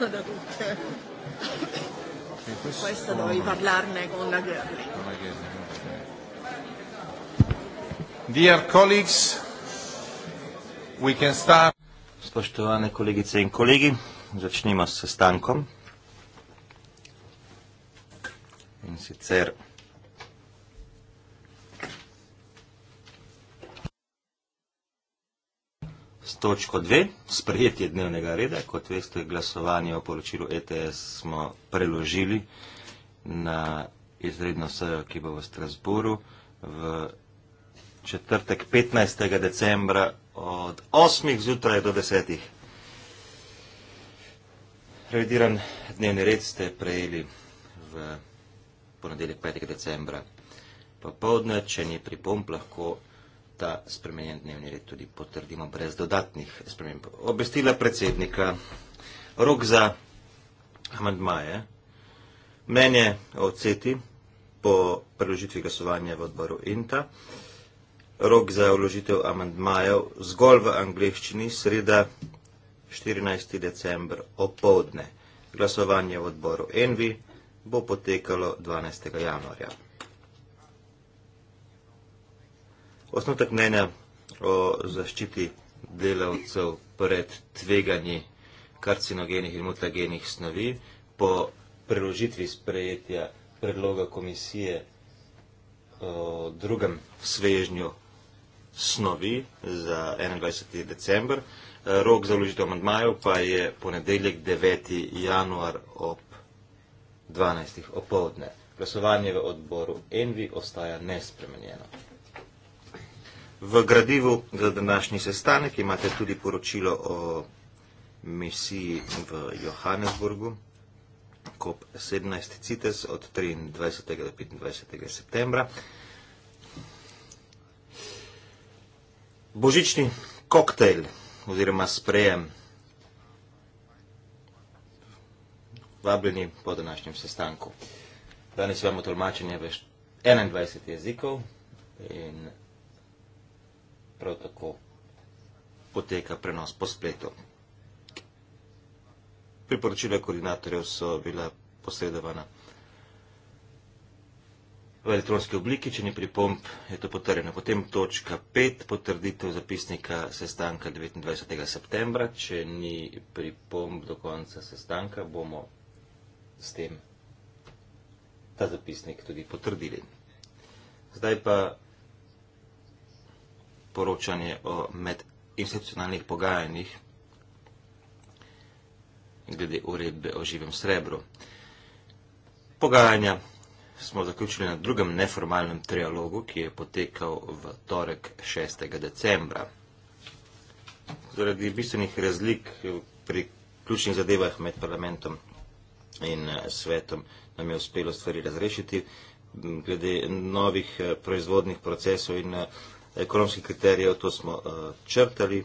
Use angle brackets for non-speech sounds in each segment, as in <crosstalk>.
da tutte. Questo dovevi parlarne con la Gerli. No, Dear colleagues, we can start. Spoštovane kolegice in kolegi, začnimo s sestankom. In sicer točko 2, sprejetje dnevnega reda. Kot veste, glasovanje o poročilu ETS smo preložili na izredno sejo, ki bo v Strasburu v četrtek 15. decembra od 8. zjutraj do 10. Revidiran dnevni red ste prejeli v ponedeljek 5. decembra popovdne, če ni pripomp, lahko ta spremenjen dnevni red tudi potrdimo brez dodatnih sprememb. Obestila predsednika, rok za amandmaje, mnenje o CETI po preložitvi glasovanja v odboru INTA, rok za vložitev amandmajev zgolj v angleščini, sreda 14. december opovdne. Glasovanje v odboru ENVI bo potekalo 12. januarja. osnotek mnenja o zaščiti delavcev pred tveganji karcinogenih in mutagenih snovi po preložitvi sprejetja predloga komisije o drugem svežnju snovi za 21. december. Rok za vložitev amandmajev pa je ponedeljek 9. januar ob 12. opovdne. Glasovanje v odboru Envi ostaja nespremenjeno. V gradivu za današnji sestanek imate tudi poročilo o misiji v Johannesburgu, COP17 CITES od 23. do 25. septembra. Božični koktejl oziroma sprejem vabljeni po današnjem sestanku. Danes imamo tolmačenje v 21 jezikov in prav tako poteka prenos po spletu. Priporočila koordinatorjev so bila posredovana v elektronski obliki, če ni pripomp, je to potrjeno. Potem točka 5, potrditev zapisnika sestanka 29. septembra. Če ni pripomp do konca sestanka, bomo s tem ta zapisnik tudi potrdili. Zdaj pa poročanje o medinstitucionalnih pogajanjih glede uredbe o živem srebru. Pogajanja smo zaključili na drugem neformalnem trialogu, ki je potekal v torek 6. decembra. Zaradi bistvenih razlik pri ključnih zadevah med parlamentom in eh, svetom nam je uspelo stvari razrešiti. Glede novih eh, proizvodnih procesov in eh, ekonomskih kriterijev, to smo eh, črtali.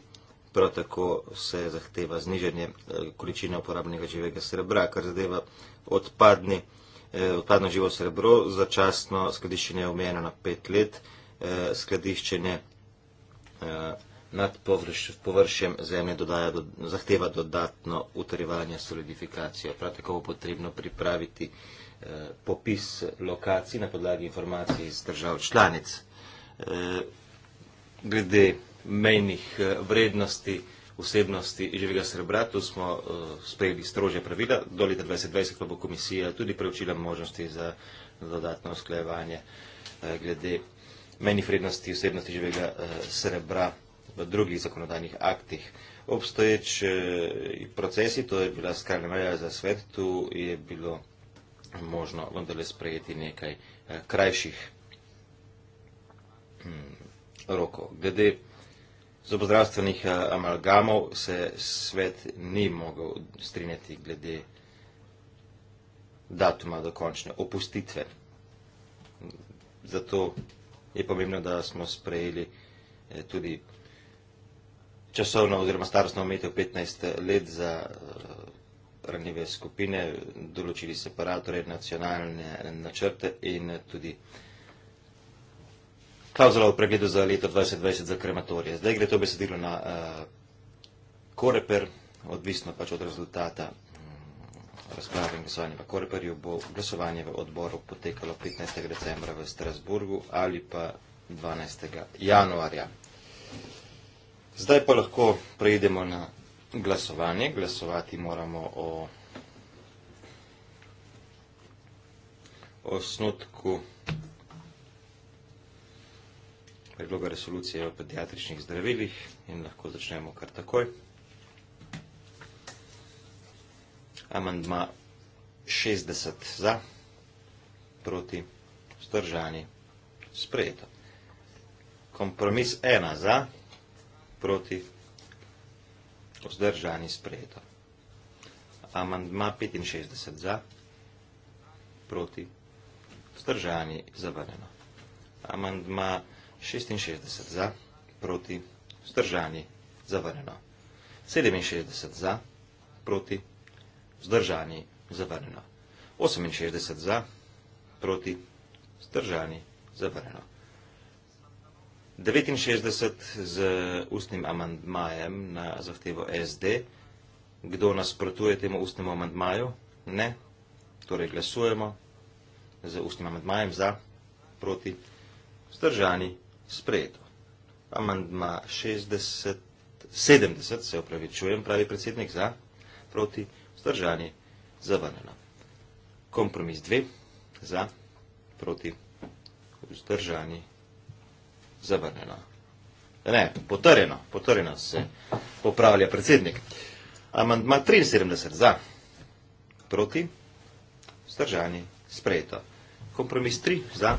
Prav tako se zahteva znižanje eh, količine uporabnega živega srebra, kar zadeva odpadni, eh, odpadno živo srebro. Začasno skladiščenje je omejeno na pet let, skladiščenje nad površjem zemlje dodaja, zahteva dodatno utrjevanje solidifikacije. Prav tako bo potrebno pripraviti popis lokacij na podlagi informacij iz držav članic glede mejnih eh, vrednosti vsebnosti živega srebra. Tu smo eh, sprejeli strože pravila. Do leta 2020 pa bo komisija tudi preučila možnosti za dodatno usklajevanje eh, glede mejnih vrednosti vsebnosti živega srebra v drugih zakonodajnih aktih. Obstoječ procesi, to je bila skrajna meja za svet, tu je bilo možno vendarle sprejeti nekaj krajših hm, roko. Glede zobozdravstvenih eh, amalgamov se svet ni mogel strinjati glede datuma dokončne opustitve. Zato je pomembno, da smo sprejeli eh, tudi časovno oziroma starostno umetev 15 eh, let za ranjive skupine, določili separatore, nacionalne načrte in tudi vsega klauzula v pregledu za leto 2020 za krematorije. Zdaj gre to besedilo na uh, Koreper, odvisno pač od rezultata mm, razprave in glasovanja v Koreperju, bo glasovanje v odboru potekalo 15. decembra v Strasburgu ali pa 12. januarja. Zdaj pa lahko preidemo na glasovanje. Glasovati moramo o osnutku predloga resolucije o pediatričnih zdravilih in lahko začnemo kar takoj. Amandma 60 za, proti vzdržani, sprejeto. Kompromis 1 za, proti vzdržani, sprejeto. Amandma 65 za, proti vzdržani, zavrneno. Amandma 65 za, proti vzdržani, zavrneno. 66 za, proti, vzdržani, zavrnjeno. 67 za, proti, vzdržani, zavrnjeno. 68 za, proti, vzdržani, zavrnjeno. 69 z ustnim amandmajem na zahtevo SD. Kdo nasprotuje temu ustnemu amandmaju? Ne. Torej glasujemo z ustnim amandmajem za, proti, vzdržani, zavrnjeno sprejeto. Amandma 60, 70, se upravičujem, pravi predsednik za, proti, vzdržani, zavrnjeno. Kompromis 2, za, proti, vzdržani, zavrnjeno. Ne, potrjeno, potrjeno se popravlja predsednik. Amandma 73, za, proti, vzdržani, sprejeto. Kompromis 3, za,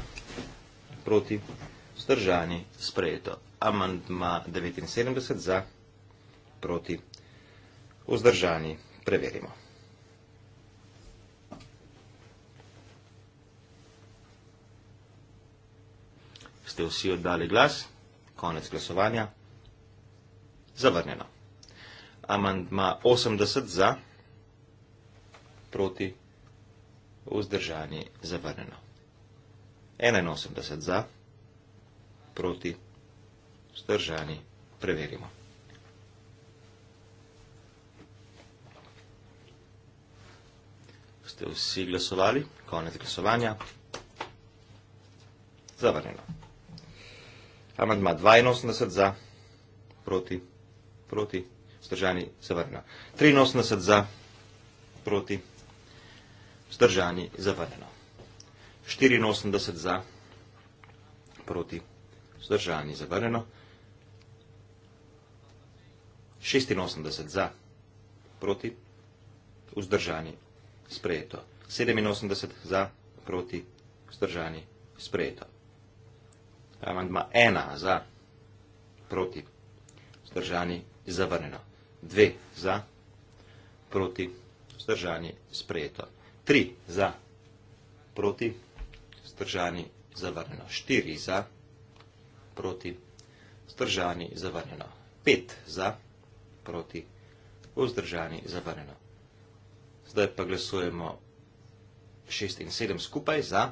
proti, vzdržani vzdržani, sprejeto. Amandma 79 za, proti, vzdržani, preverimo. Ste vsi oddali glas, konec glasovanja, zavrnjeno. Amandma 80 za, proti, vzdržani, zavrnjeno. 81 za, proti, vzdržani, zavrnjeno. 81 za proti zdržani. Preverimo. Ste vsi glasovali? Konec glasovanja. Zavrnjeno. Amandma 82 za, proti, proti, vzdržani, zavrnjeno. 83 za, proti, vzdržani, zavrnjeno. 84 za, proti, vzdržani vzdržan in zavrneno. 86 za, proti, vzdržani, sprejeto. 87 za, proti, vzdržani, sprejeto. Amandma 1 za, proti, vzdržani, zavrneno. 2 za, proti, vzdržani, sprejeto. 3 za, proti, vzdržani, zavrneno. 4 za, proti, vzdržani, sprejeto proti, vzdržani, zavrnjeno. 5 za, proti, vzdržani, zavrnjeno. Zdaj pa glasujemo 6 in 7 skupaj za,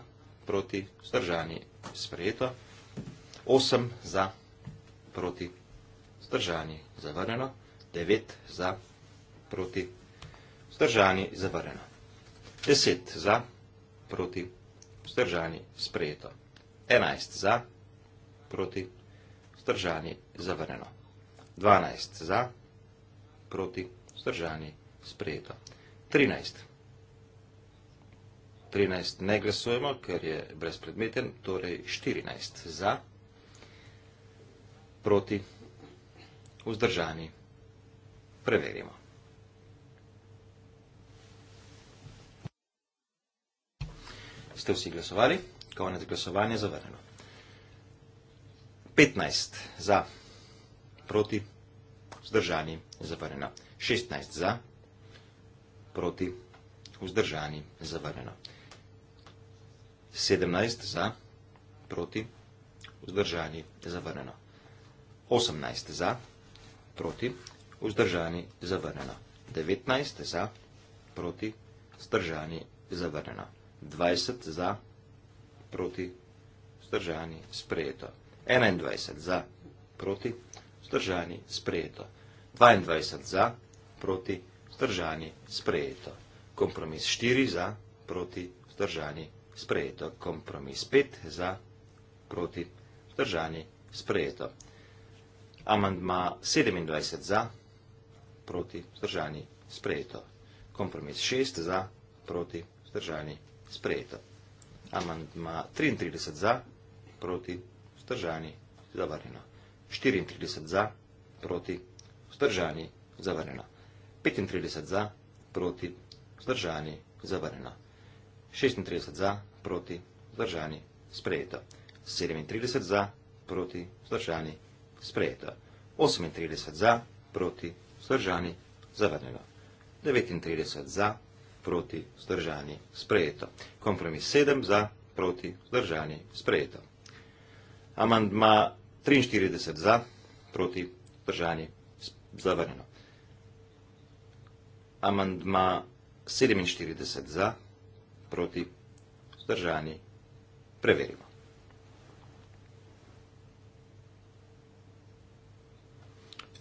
proti, vzdržani, sprejeto. 8 za, proti, vzdržani, zavrnjeno. 9 za, proti, vzdržani, zavrnjeno. 10 za, proti, vzdržani, sprejeto. 11 za, proti, vzdržani, zavrnjeno proti, vzdržani, zavrneno. 12 za, proti, vzdržani, sprejeto. 13. 13 ne glasujemo, ker je brezpredmeten, torej 14 za, proti, vzdržani, preverimo. Ste vsi glasovali? Konec glasovanja zavrneno. 15 za, proti, vzdržani, zavrnjeno. 16 za, proti, vzdržani, zavrnjeno. 17 za, proti, vzdržani, zavrnjeno. 18 za, proti, vzdržani, zavrnjeno. 19 za, proti, vzdržani, zavrnjeno. 20 za, proti, vzdržani, sprejeto. 21 za, proti, vzdržani, sprejeto. 22 za, proti, vzdržani, sprejeto. Kompromis 4 za, proti, vzdržani, sprejeto. Kompromis 5 za, proti, vzdržani, sprejeto. Amandma 27 za, proti, vzdržani, sprejeto. Kompromis 6 za, proti, vzdržani, sprejeto. Amandma 33 za, proti, vzdržani, sprejeto vzdržani, zavrnjeno. 34 za, proti, vzdržani, zavrnjeno. 35 za, proti, vzdržani, zavrnjeno. 36 za, proti, vzdržani, sprejeto. 37 za, proti, vzdržani, sprejeto. 38 za, proti, vzdržani, zavrnjeno. 39 za, proti, vzdržani, sprejeto. Kompromis 7 za, proti, vzdržani, sprejeto. Amandma 43 za, proti držanje zavrnjeno. Amandma 47 za, proti držanje preverimo.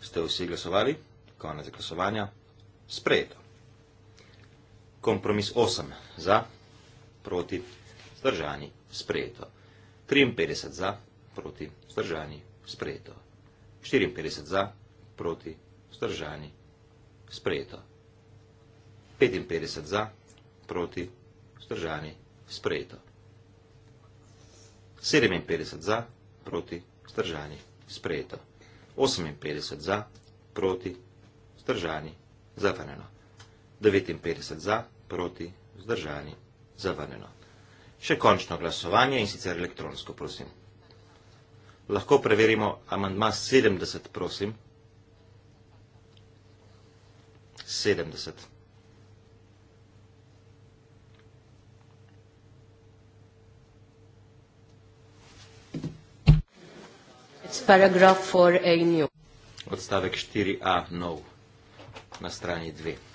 Ste vsi glasovali? Konec glasovanja. Sprejeto. Kompromis 8 za, proti, zdržani, sprejeto. 53 za, proti, vzdržani, sprejeto. 54 za, proti, vzdržani, sprejeto. 55 za, proti, vzdržani, sprejeto. 57 za, proti, vzdržani, sprejeto. 58 za, proti, vzdržani, zavrneno. 59 za, proti, vzdržani, zavrneno. Še končno glasovanje in sicer elektronsko, prosim. Lahko preverimo amandma 70, prosim. 70. Odstavek 4a nov na strani 2.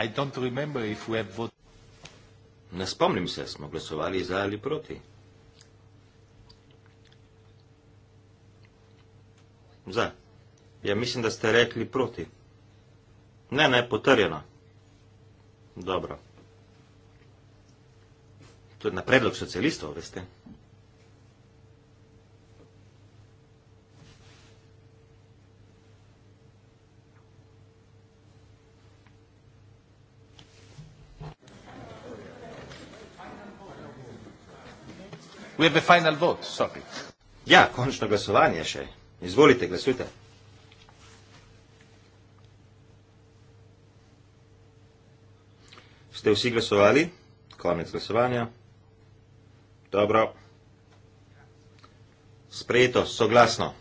I don't remember if we have voted. Ne spomnim se, smo glasovali za ali proti. Za. Ja, mislim, da ste rekli proti. Ne, ne, potrjeno. Dobro. To je na predlog socialistov, veste. Ne. We have the final vote, sorry. Ja, končno glasovanje še. Izvolite, glasujte. Ste vsi glasovali? Konec glasovanja. Dobro. Sprejeto, soglasno.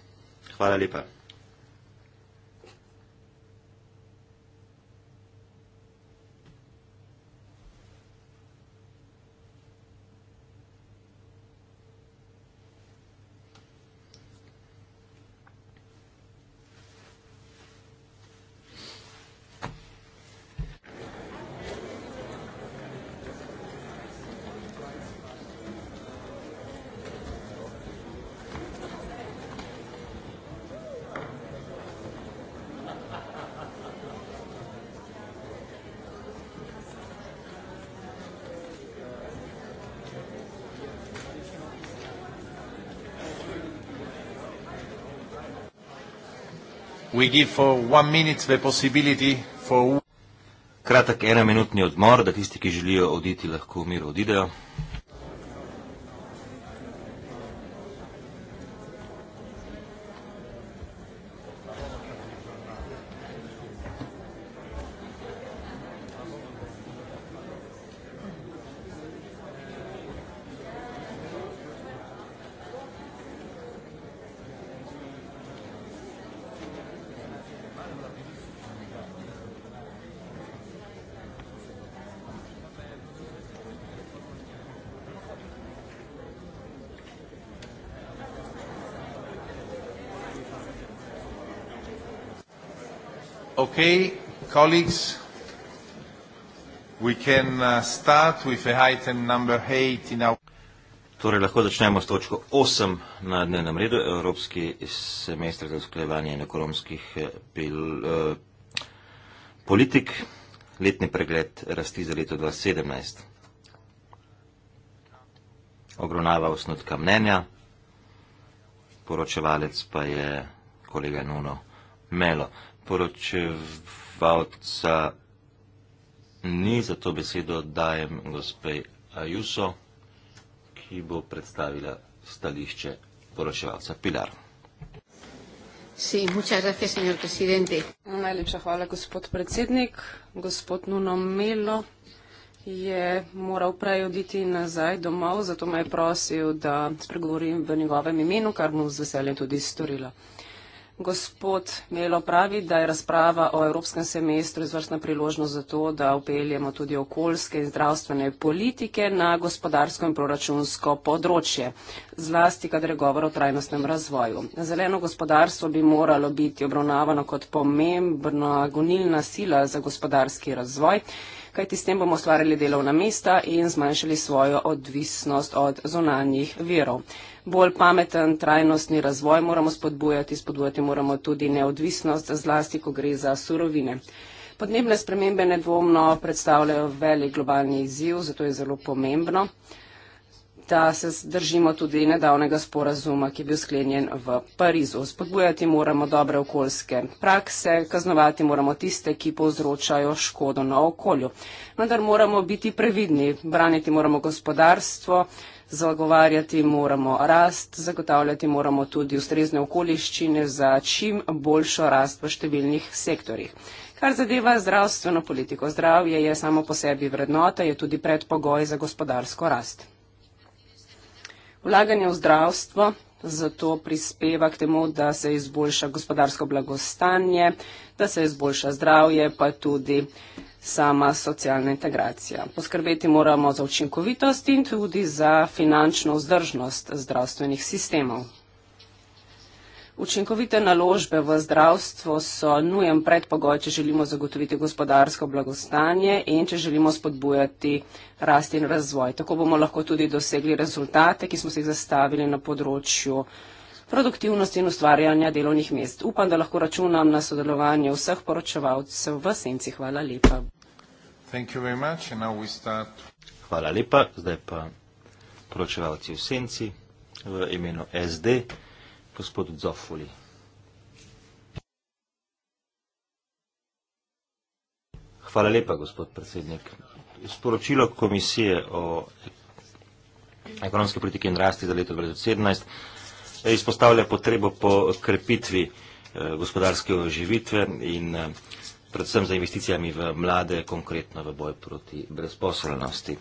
Hvala lepa. We give for one minute the possibility for... Kratek enominutni odmor, da tisti, ki želijo oditi, lahko v miru odidejo. Okay, colleagues, we can uh, start with a item number 8 in our... Torej, lahko začnemo s točko 8 na dnevnem redu, Evropski semestr za usklajevanje in ekonomskih bil, eh, eh, politik, letni pregled rasti za leto 2017. Obravnava osnutka mnenja, poročevalec pa je kolega Nuno Melo poročevalca ni, zato besedo dajem gospe Ajuso, ki bo predstavila stališče poročevalca Pilar. Sí, muchas gracias, señor presidente. Najlepša hvala, gospod predsednik. Gospod Nuno Melo je moral prej oditi nazaj domov, zato me je prosil, da spregovorim v njegovem imenu, kar mu z veseljem tudi storila. Uh, Gospod Melo pravi, da je razprava o evropskem semestru izvrstna priložnost za to, da upeljemo tudi okoljske in zdravstvene politike na gospodarsko in proračunsko področje, zlasti kadre govor o trajnostnem razvoju. Zeleno gospodarstvo bi moralo biti obravnavano kot pomembna gonilna sila za gospodarski razvoj kajti s tem bomo ustvarjali delovna mesta in zmanjšali svojo odvisnost od zonanjih virov. Bolj pameten trajnostni razvoj moramo spodbujati, spodbujati moramo tudi neodvisnost, zlasti, ko gre za surovine. Podnebne spremembe nedvomno predstavljajo velik globalni izziv, zato je zelo pomembno, da se držimo tudi nedavnega sporazuma, ki je bil sklenjen v Parizu. Spodbujati moramo dobre okoljske prakse, kaznovati moramo tiste, ki povzročajo škodo na okolju. Vendar moramo biti previdni, braniti moramo gospodarstvo, zagovarjati moramo rast, zagotavljati moramo tudi ustrezne okoliščine za čim boljšo rast v številnih sektorjih. Kar zadeva zdravstveno politiko, zdravje je samo po sebi vrednota, je tudi predpogoj za gospodarsko rast. Vlaganje v zdravstvo zato prispeva k temu, da se izboljša gospodarsko blagostanje, da se izboljša zdravje, pa tudi sama socialna integracija. Poskrbeti moramo za učinkovitost in tudi za finančno vzdržnost zdravstvenih sistemov. Učinkovite naložbe v zdravstvo so nujen predpogoj, če želimo zagotoviti gospodarsko blagostanje in če želimo spodbujati rast in razvoj. Tako bomo lahko tudi dosegli rezultate, ki smo se jih zastavili na področju produktivnosti in ustvarjanja delovnih mest. Upam, da lahko računam na sodelovanje vseh poročevalcev v senci. Hvala lepa. Hvala lepa. Zdaj pa poročevalci v senci v imenu SD gospod Zofoli. Hvala lepa, gospod predsednik. Sporočilo komisije o ekonomske politike in rasti za leto 2017 eh, izpostavlja potrebo po krepitvi eh, gospodarske oživitve in eh, predvsem za investicijami v mlade, konkretno v boj proti brezposelnosti.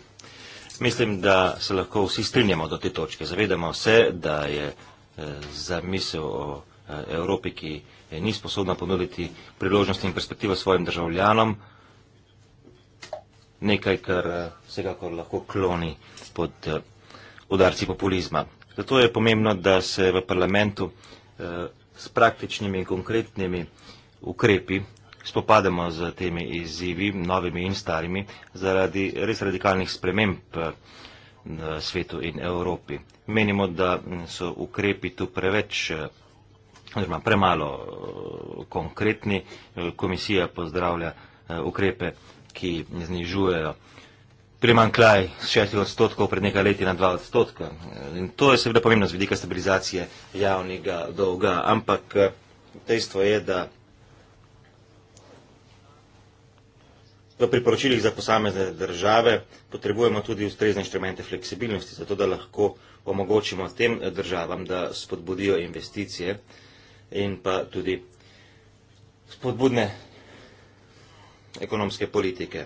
Mislim, da se lahko vsi strinjamo do te točke. Zavedamo se, da je Eh, za misel o eh, Evropi, ki eh, ni sposobna ponuditi priložnosti in perspektive svojim državljanom, nekaj, kar vsekakor lahko kloni pod udarci populizma. Zato je pomembno, da se v parlamentu s praktičnimi in konkretnimi ukrepi spopademo z temi izzivi, novimi in starimi, zaradi res radikalnih sprememb svetu in Evropi. Menimo, da so ukrepi tu preveč, eh, oziroma premalo eh, konkretni. Eh, komisija pozdravlja ukrepe, ki znižujejo primankljaj z 6 odstotkov pred nekaj leti na 2 odstotka. In to je seveda pomembno z vidika stabilizacije javnega dolga, ampak dejstvo je, da V priporočilih za posamezne države potrebujemo tudi ustrezne inštrumente fleksibilnosti, zato da lahko omogočimo tem državam, da spodbudijo investicije in pa tudi spodbudne ekonomske politike.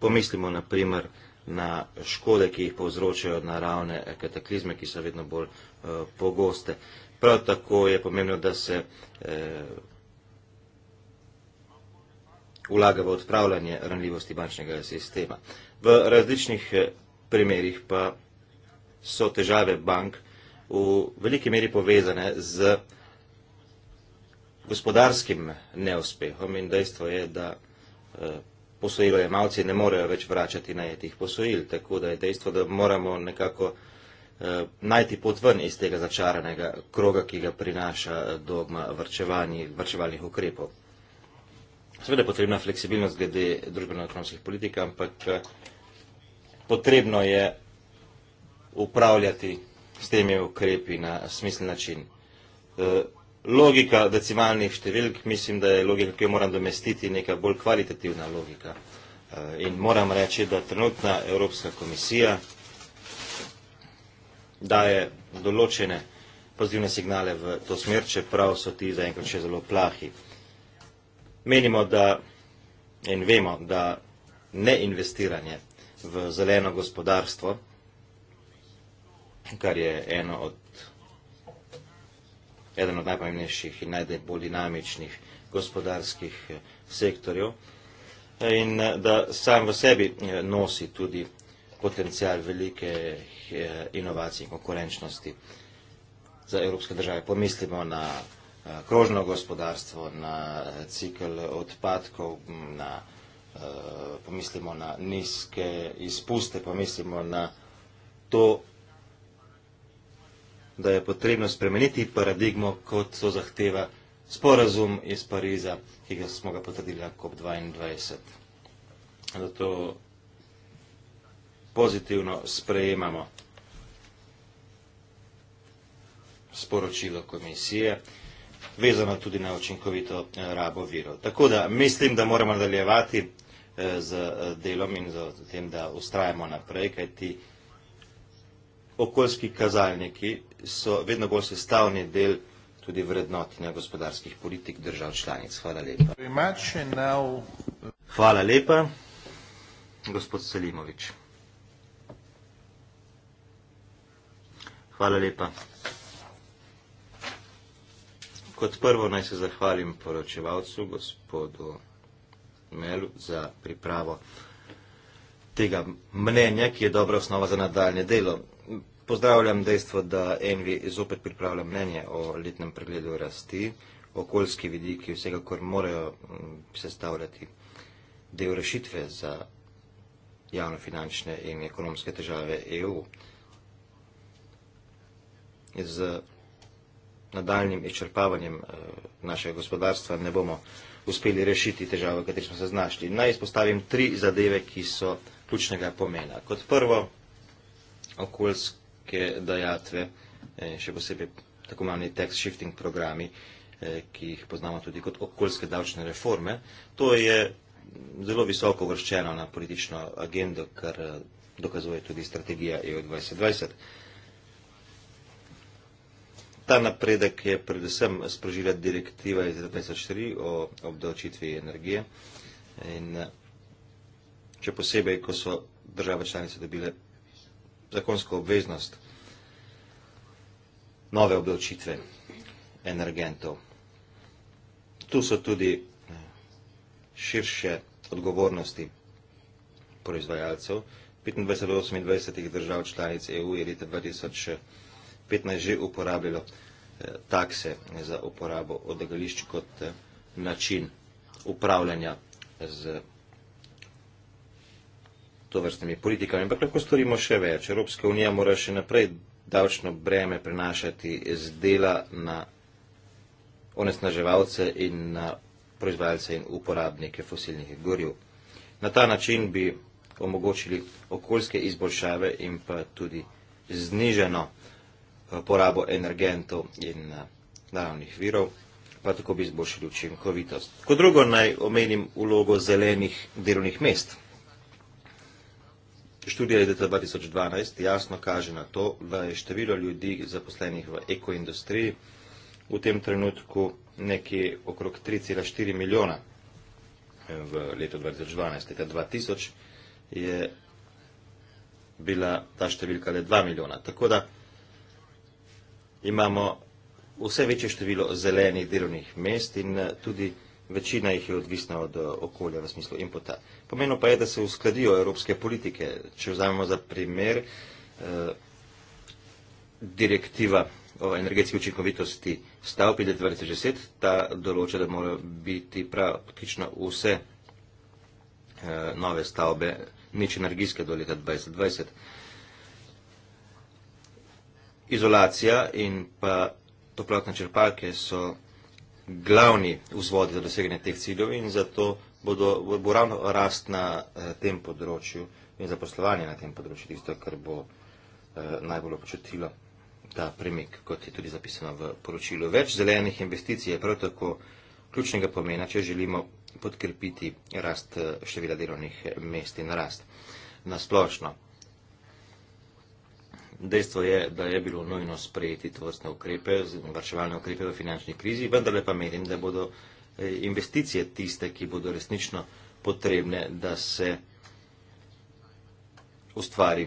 Pomislimo naprimer na škode, ki jih povzročajo naravne kataklizme, ki so vedno bolj eh, pogoste. Prav tako je pomembno, da se eh, vlaga v odpravljanje ranljivosti bančnega sistema. V različnih eh, primerjih pa so težave bank v veliki meri povezane z gospodarskim neuspehom in dejstvo je, da eh, posojilojemalci ne morejo več vračati najetih posojil, tako da je dejstvo, da moramo nekako eh, najti pot ven iz tega začaranega kroga, ki ga prinaša dogma vrčevalnih ukrepov. Seveda je potrebna fleksibilnost glede družbeno-ekonomskih politik, ampak eh, potrebno je upravljati s temi ukrepi na smislen način. Eh, logika decimalnih številk, mislim, da je logika, ki jo moram domestiti, neka bolj kvalitativna logika. Eh, in moram reči, da trenutna Evropska komisija daje določene pozitivne signale v to smer, čeprav so ti zaenkrat še zelo plahi. Menimo, da in vemo, da neinvestiranje v zeleno gospodarstvo, kar je eno od, eden od najpomembnejših in najbolj dinamičnih gospodarskih eh, sektorjev, in eh, da sam v sebi eh, nosi tudi potencijal velike inovacij in konkurenčnosti za evropske države. Pomislimo na Eh, krožno gospodarstvo, na eh, cikl odpadkov, na, eh, pomislimo na nizke izpuste, pomislimo na to, da je potrebno spremeniti paradigmo, kot to zahteva sporazum iz Pariza, ki ga smo ga potrdili na COP22. Zato pozitivno sprejemamo sporočilo komisije vezano tudi na učinkovito eh, rabo virov. Tako da mislim, da moramo nadaljevati eh, z eh, delom in z tem, da ustrajamo naprej, kaj ti okoljski kazalniki so vedno bolj sestavni del tudi vrednotenja gospodarskih politik držav članic. Hvala lepa. Uh, Hvala lepa, gospod Selimovič. Hvala lepa. Kot prvo naj se zahvalim poročevalcu, gospodu Melu, za pripravo tega mnenja, ki je dobra osnova za nadaljne delo. Pozdravljam dejstvo, da Envi zopet pripravlja mnenje o letnem pregledu rasti, okoljski vidiki vsega, kar morajo mm, sestavljati del rešitve za javnofinančne in ekonomske težave EU. Z nadaljnim izčrpavanjem eh, našega gospodarstva ne bomo uspeli rešiti težave, v kateri smo se znašli. Naj izpostavim tri zadeve, ki so ključnega pomena. Kot prvo, okoljske dajatve, eh, še posebej tako imenovani tax shifting programi, eh, ki jih poznamo tudi kot okoljske davčne reforme, to je zelo visoko vrščeno na politično agendo, kar dokazuje tudi strategija EU 2020 ta napredek je predvsem sprožila direktiva iz 2004 o obdavčitvi energije. In če posebej, ko so države članice dobile zakonsko obveznost nove obdavčitve energentov. Tu so tudi eh, širše odgovornosti proizvajalcev. 25 od 28 držav članic EU je leta 2004 15 že uporabljalo eh, takse za uporabo odlagališč kot eh, način upravljanja z tovrstnimi politikami. Ampak lahko storimo še več. Evropska unija mora še naprej davčno breme prenašati z dela na onesnaževalce in na proizvajalce in uporabnike fosilnih goriv. Na ta način bi omogočili okoljske izboljšave in pa tudi znižano Eh, porabo energentov in eh, naravnih virov, pa tako bi izboljšali učinkovitost. Kot drugo naj omenim vlogo zelenih delovnih mest. Študija leta 2012 jasno kaže na to, da je število ljudi zaposlenih v ekoindustriji v tem trenutku nekje okrog 3,4 milijona v letu 2012. Leta 2000 je bila ta številka le 2 milijona. Tako da imamo vse večje število zelenih delovnih mest in eh, tudi večina jih je odvisna od eh, okolja v smislu impota. Pomeno pa je, da se uskladijo evropske politike. Če vzamemo za primer eh, direktiva o energetski učinkovitosti stavb iz 2010, ta določa, da mora biti praktično vse eh, nove stavbe nič energijske do leta 2020. Izolacija in pa toplotne črpalke so glavni vzvodi za doseganje teh ciljev in zato bodo, bo ravno rast na eh, tem področju in zaposlovanje na tem področju tisto, kar bo eh, najbolj počutilo ta premik, kot je tudi zapisano v poročilu. Več zelenih investicij je prav tako ključnega pomena, če želimo podkrpiti rast eh, števila delovnih mest in rast na splošno. Dejstvo je, da je bilo nujno sprejeti tovrstne ukrepe, vrševalne ukrepe v finančni krizi, vendar le pa menim, da bodo eh, investicije tiste, ki bodo resnično potrebne, da se ustvari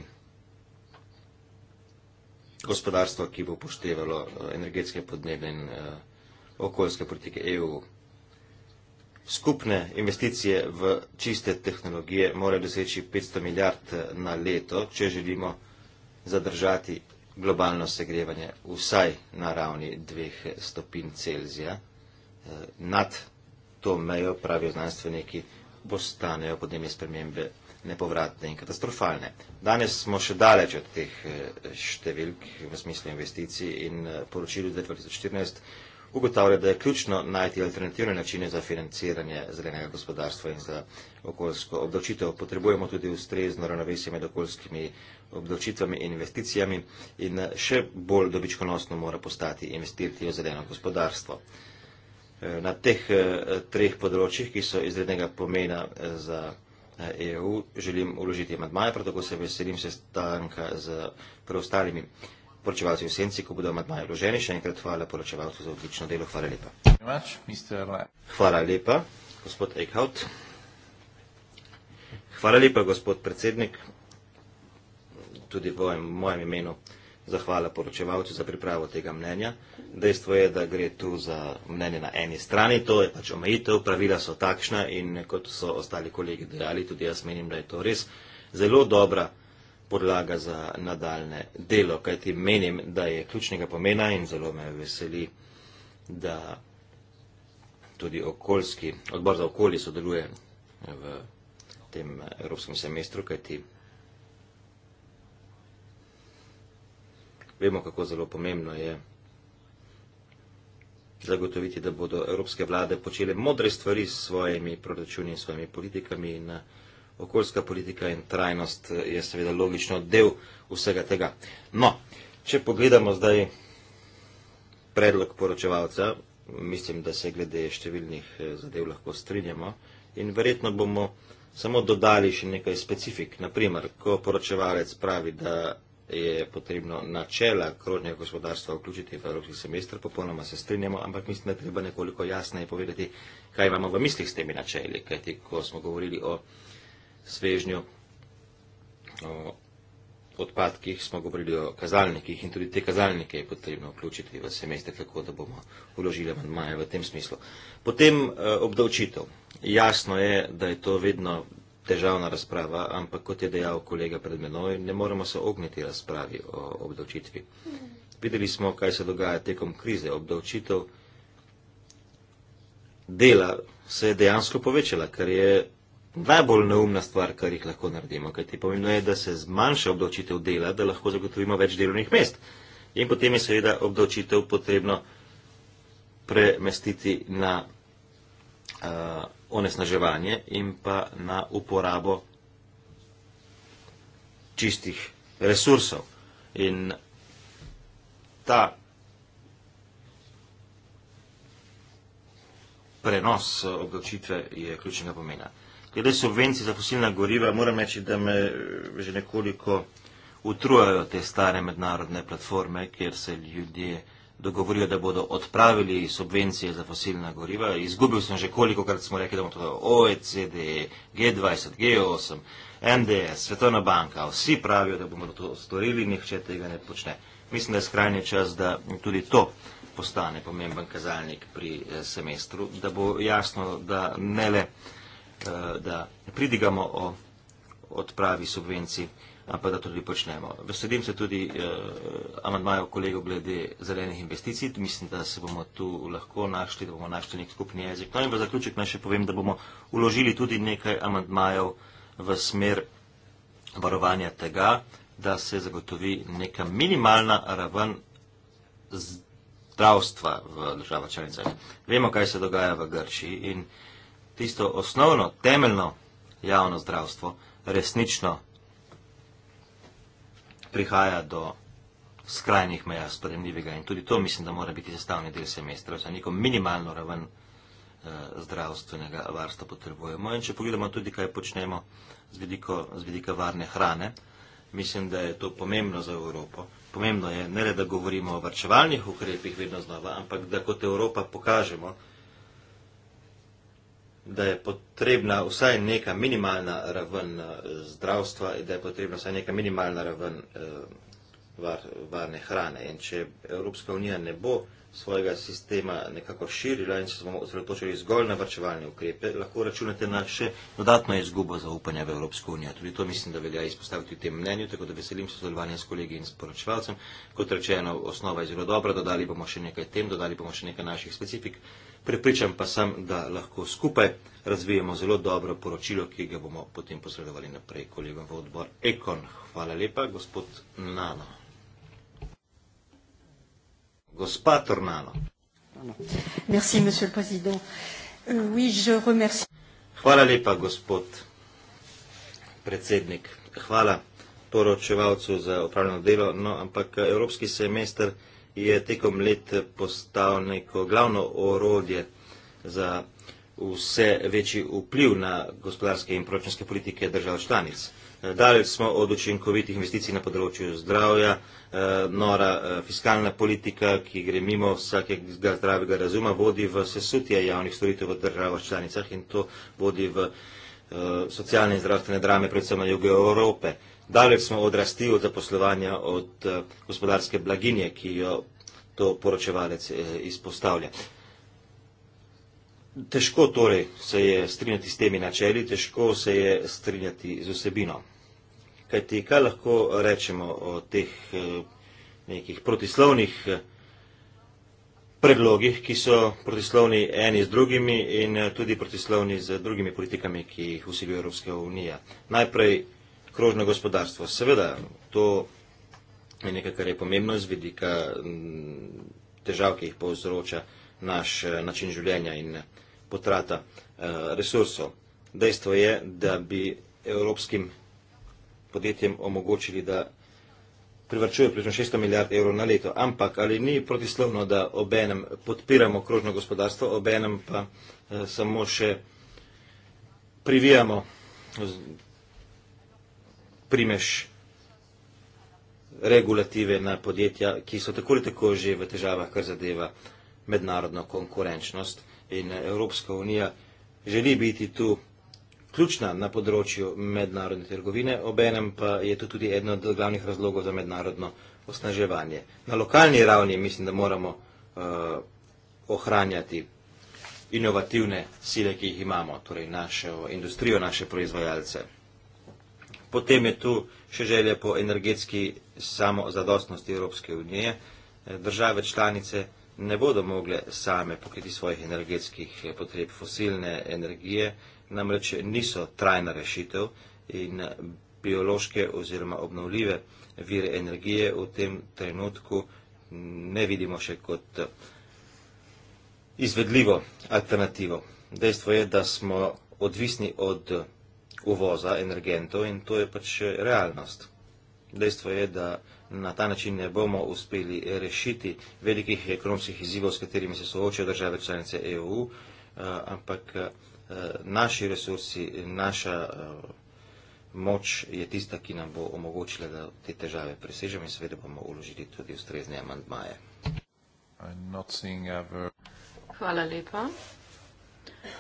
gospodarstvo, ki bo upoštevalo eh, energetske podnebne in eh, okoljske politike EU. Skupne investicije v čiste tehnologije morajo doseči 500 milijard na leto, če želimo zadržati globalno segrevanje vsaj na ravni dveh stopin Celzija. Eh, nad to mejo, pravijo znanstveniki, postanejo podnebne spremembe nepovratne in katastrofalne. Danes smo še daleč od teh eh, številk v smislu investicij in eh, poročili 2014 ugotavlja, da je ključno najti alternativne načine za financiranje zelenega gospodarstva in za okoljsko obdočitev. Potrebujemo tudi ustrezno ravnovesje med okoljskimi obdavčitvami in investicijami in eh, še bolj dobičkonosno mora postati investirati v zeleno gospodarstvo. Eh, na teh eh, treh področjih, ki so izrednega pomena za EU, e želim uložiti amadmaje, prav tako se veselim se stanka z preostalimi poročevalci v senci, ko bodo amadmaje vloženi. Še enkrat hvala poročevalcu za odlično delo. Hvala lepa. Hvala lepa, gospod Eichhout. Hvala lepa, gospod predsednik tudi v mojem imenu zahvala poročevalcu za pripravo tega mnenja. Dejstvo je, da gre tu za mnenje na eni strani, to je pač omejitev, pravila so takšna in kot so ostali kolegi dejali, tudi jaz menim, da je to res zelo dobra podlaga za nadaljne delo, kajti menim, da je ključnega pomena in zelo me veseli, da tudi okoljski, odbor za okolje sodeluje v tem evropskem semestru, kajti Vemo, kako zelo pomembno je zagotoviti, da bodo evropske vlade počele modre stvari s svojimi proračuni in svojimi politikami in eh, okoljska politika in trajnost eh, je seveda logično del vsega tega. No, če pogledamo zdaj predlog poročevalca, mislim, da se glede številnih eh, zadev lahko strinjamo in verjetno bomo samo dodali še nekaj specifik. Naprimer, ko poročevalec pravi, da je potrebno načela krožnega gospodarstva vključiti v evropski semester, popolnoma se strinjamo, ampak mislim, da treba nekoliko jasneje povedati, kaj imamo v mislih s temi načeli. Kajti, ko smo govorili o svežnju o odpadkih, smo govorili o kazalnikih in tudi te kazalnike je potrebno vključiti v semester, tako da bomo uložili manj v tem smislu. Potem eh, obdavčitev. Jasno je, da je to vedno težavna razprava, ampak kot je dejal kolega pred menoj, ne moremo se ogniti razpravi o obdavčitvi. Videli smo, kaj se dogaja tekom krize. Obdavčitev dela se je dejansko povečala, kar je najbolj neumna stvar, kar jih lahko naredimo. Kaj ti pomeni, je, da se zmanjša obdavčitev dela, da lahko zagotovimo več delovnih mest. In potem je seveda obdavčitev potrebno premestiti na uh, onesnaževanje in pa na uporabo čistih resursov. In ta prenos eh, obdavčitve je ključnega pomena. Glede subvencij za fosilna goriva, moram reči, da me eh, že nekoliko utrujajo te stare mednarodne platforme, kjer se ljudje uh, dogovorijo, da bodo odpravili subvencije za fosilna goriva. Izgubil sem že koliko krat smo rekli, da bomo to OECD, G20, G8, NDS, Svetovna banka, vsi pravijo, da bomo to storili, nihče tega ne počne. Mislim, da je skrajni čas, da tudi to postane pomemben kazalnik pri eh, semestru, da bo jasno, da ne le, eh, da pridigamo o odpravi subvencij ampak da tudi počnemo. Veselim se tudi eh, amandmajev kolegov glede zelenih investicij. Mislim, da se bomo tu lahko našli, da bomo našli nek skupni jezik. No in v zaključek naj še povem, da bomo uložili tudi nekaj amandmajev v smer varovanja tega, da se zagotovi neka minimalna raven zdravstva v državah članicah. Vemo, kaj se dogaja v Grčiji in tisto osnovno, temeljno javno zdravstvo resnično prihaja do skrajnih meja sprejemljivega in tudi to mislim, da mora biti sestavni del semestra, vse neko minimalno raven eh, zdravstvenega varstva potrebujemo. In če pogledamo tudi, kaj počnemo z, vediko, z vedika varne hrane, mislim, da je to pomembno za Evropo. Pomembno je ne le, da govorimo o varčevalnih ukrepih vedno znova, ampak da kot Evropa pokažemo, da je potrebna vsaj neka minimalna raven eh, zdravstva in da je potrebna vsaj neka minimalna raven eh, var, varne hrane. In če Evropska unija ne bo svojega sistema nekako širila in se bomo osredotočili zgolj na vrčevalne ukrepe, lahko računate na še dodatno izgubo zaupanja v Evropsko unijo. Tudi to mislim, da velja izpostaviti v tem mnenju, tako da veselim se sodelovanja s kolegi in s poročevalcem. Kot rečeno, osnova je zelo dobra, dodali bomo še nekaj tem, dodali bomo še nekaj naših specifik prepričan pa sem, da lahko skupaj razvijemo zelo dobro poročilo, ki ga bomo potem posredovali naprej kolegom v odbor Ekon. Hvala lepa, gospod Nano. Gospa Tornano. Merci, monsieur le président. Uh, oui, je remercie. Hvala lepa, gospod predsednik. Hvala poročevalcu za upravljeno delo, no, ampak eh, evropski semester je je tekom let postal neko glavno orodje za vse večji vpliv na gospodarske in proračunske politike držav članic. Dalj smo od učinkovitih investicij na področju zdravja, eh, nora eh, fiskalna politika, ki gre mimo vsakega zdravega razuma, vodi v sesutje javnih storitev v državah članicah in to vodi v Eh, socialne in zdravstvene drame, predvsem na jugu Evrope. Daleč smo od rasti, od zaposlovanja, od eh, gospodarske blaginje, ki jo to poročevalec eh, izpostavlja. Težko torej se je strinjati s temi načeli, težko se je strinjati z osebino. Kajti, kaj lahko rečemo o teh nekih protislovnih predlogih, ki so protislovni eni z drugimi in eh, tudi protislovni z drugimi politikami, ki jih usiljuje Evropska unija. Najprej krožno gospodarstvo. Seveda, to je nekaj, kar je pomembno z vidika težav, ki jih povzroča naš eh, način življenja in eh, potrata resursov. Dejstvo je, da bi evropskim podjetjem omogočili, da privrčuje približno 600 milijard evrov na leto. Ampak ali ni protislovno, da obenem podpiramo krožno gospodarstvo, obenem pa eh, samo še privijamo primež regulative na podjetja, ki so tako ali tako že v težavah, kar zadeva mednarodno konkurenčnost. In Evropska unija želi biti tu ključna na področju mednarodne trgovine, obenem pa je to tudi eden od glavnih razlogov za mednarodno osnaževanje. Na lokalni ravni mislim, da moramo uh, ohranjati inovativne sile, ki jih imamo, torej našo industrijo, naše proizvajalce. Potem je tu še želje po energetski samozadostnosti Evropske unije. Eh, države članice ne bodo mogle same pokriti svojih energetskih eh, potreb fosilne energije namreč niso trajna rešitev in biološke oziroma obnovljive vire energije v tem trenutku ne vidimo še kot izvedljivo alternativo. Dejstvo je, da smo odvisni od uvoza energentov in to je pač realnost. Dejstvo je, da na ta način ne bomo uspeli rešiti velikih ekonomskih izzivov, s katerimi se soočajo države članice EU, eh, ampak naši resursi, naša eh, moč je tista, ki nam bo omogočila, da te težave presežemo in seveda bomo uložili tudi ustrezne amantmaje. Hvala lepa.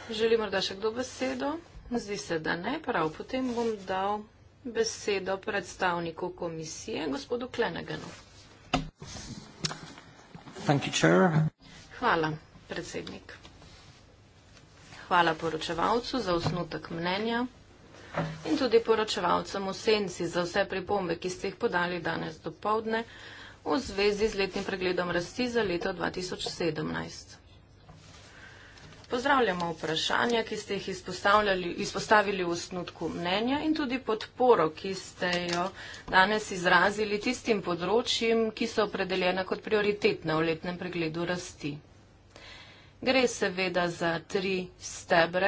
Želi morda še kdo besedo? Zdi se, da ne. Prav, potem bom dal besedo predstavniku komisije, gospodu Kleneganu. Hvala, predsednik hvala poročevalcu za osnutek mnenja in tudi poročevalcem v senci za vse pripombe, ki ste jih podali danes do povdne v zvezi z letnim pregledom rasti za leto 2017. Pozdravljamo vprašanja, ki ste jih izpostavili v osnutku mnenja in tudi podporo, ki ste jo danes izrazili tistim področjem, ki so opredeljena kot prioritetna v letnem pregledu rasti. Gre seveda za tri stebre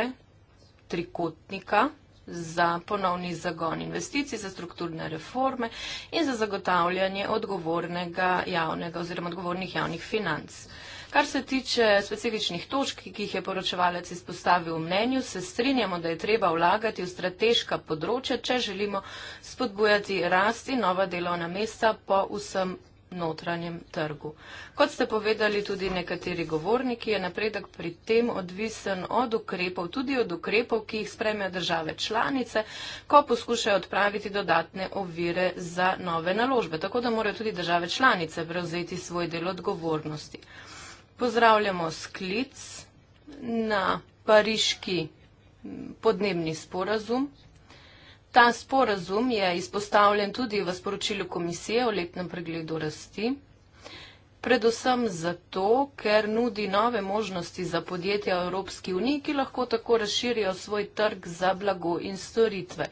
trikotnika za ponovni zagon investicij, za strukturne reforme in za zagotavljanje odgovornega javnega oziroma odgovornih javnih financ. Kar se tiče specifičnih točk, ki jih je poročevalec izpostavil v mnenju, se strinjamo, da je treba vlagati v strateška področja, če želimo spodbujati rast in nova delovna mesta po vsem notranjem trgu. Kot ste povedali tudi nekateri govorniki, je napredek pri tem odvisen od ukrepov, tudi od ukrepov, ki jih spremejo države članice, ko poskušajo odpraviti dodatne ovire za nove naložbe, tako da morajo tudi države članice prevzeti svoj del odgovornosti. Pozdravljamo sklic na pariški podnebni sporazum, Ta sporazum je izpostavljen tudi v sporočilu komisije o letnem pregledu rasti, predvsem zato, ker nudi nove možnosti za podjetja Evropski uniji, ki lahko tako razširijo svoj trg za blago in storitve.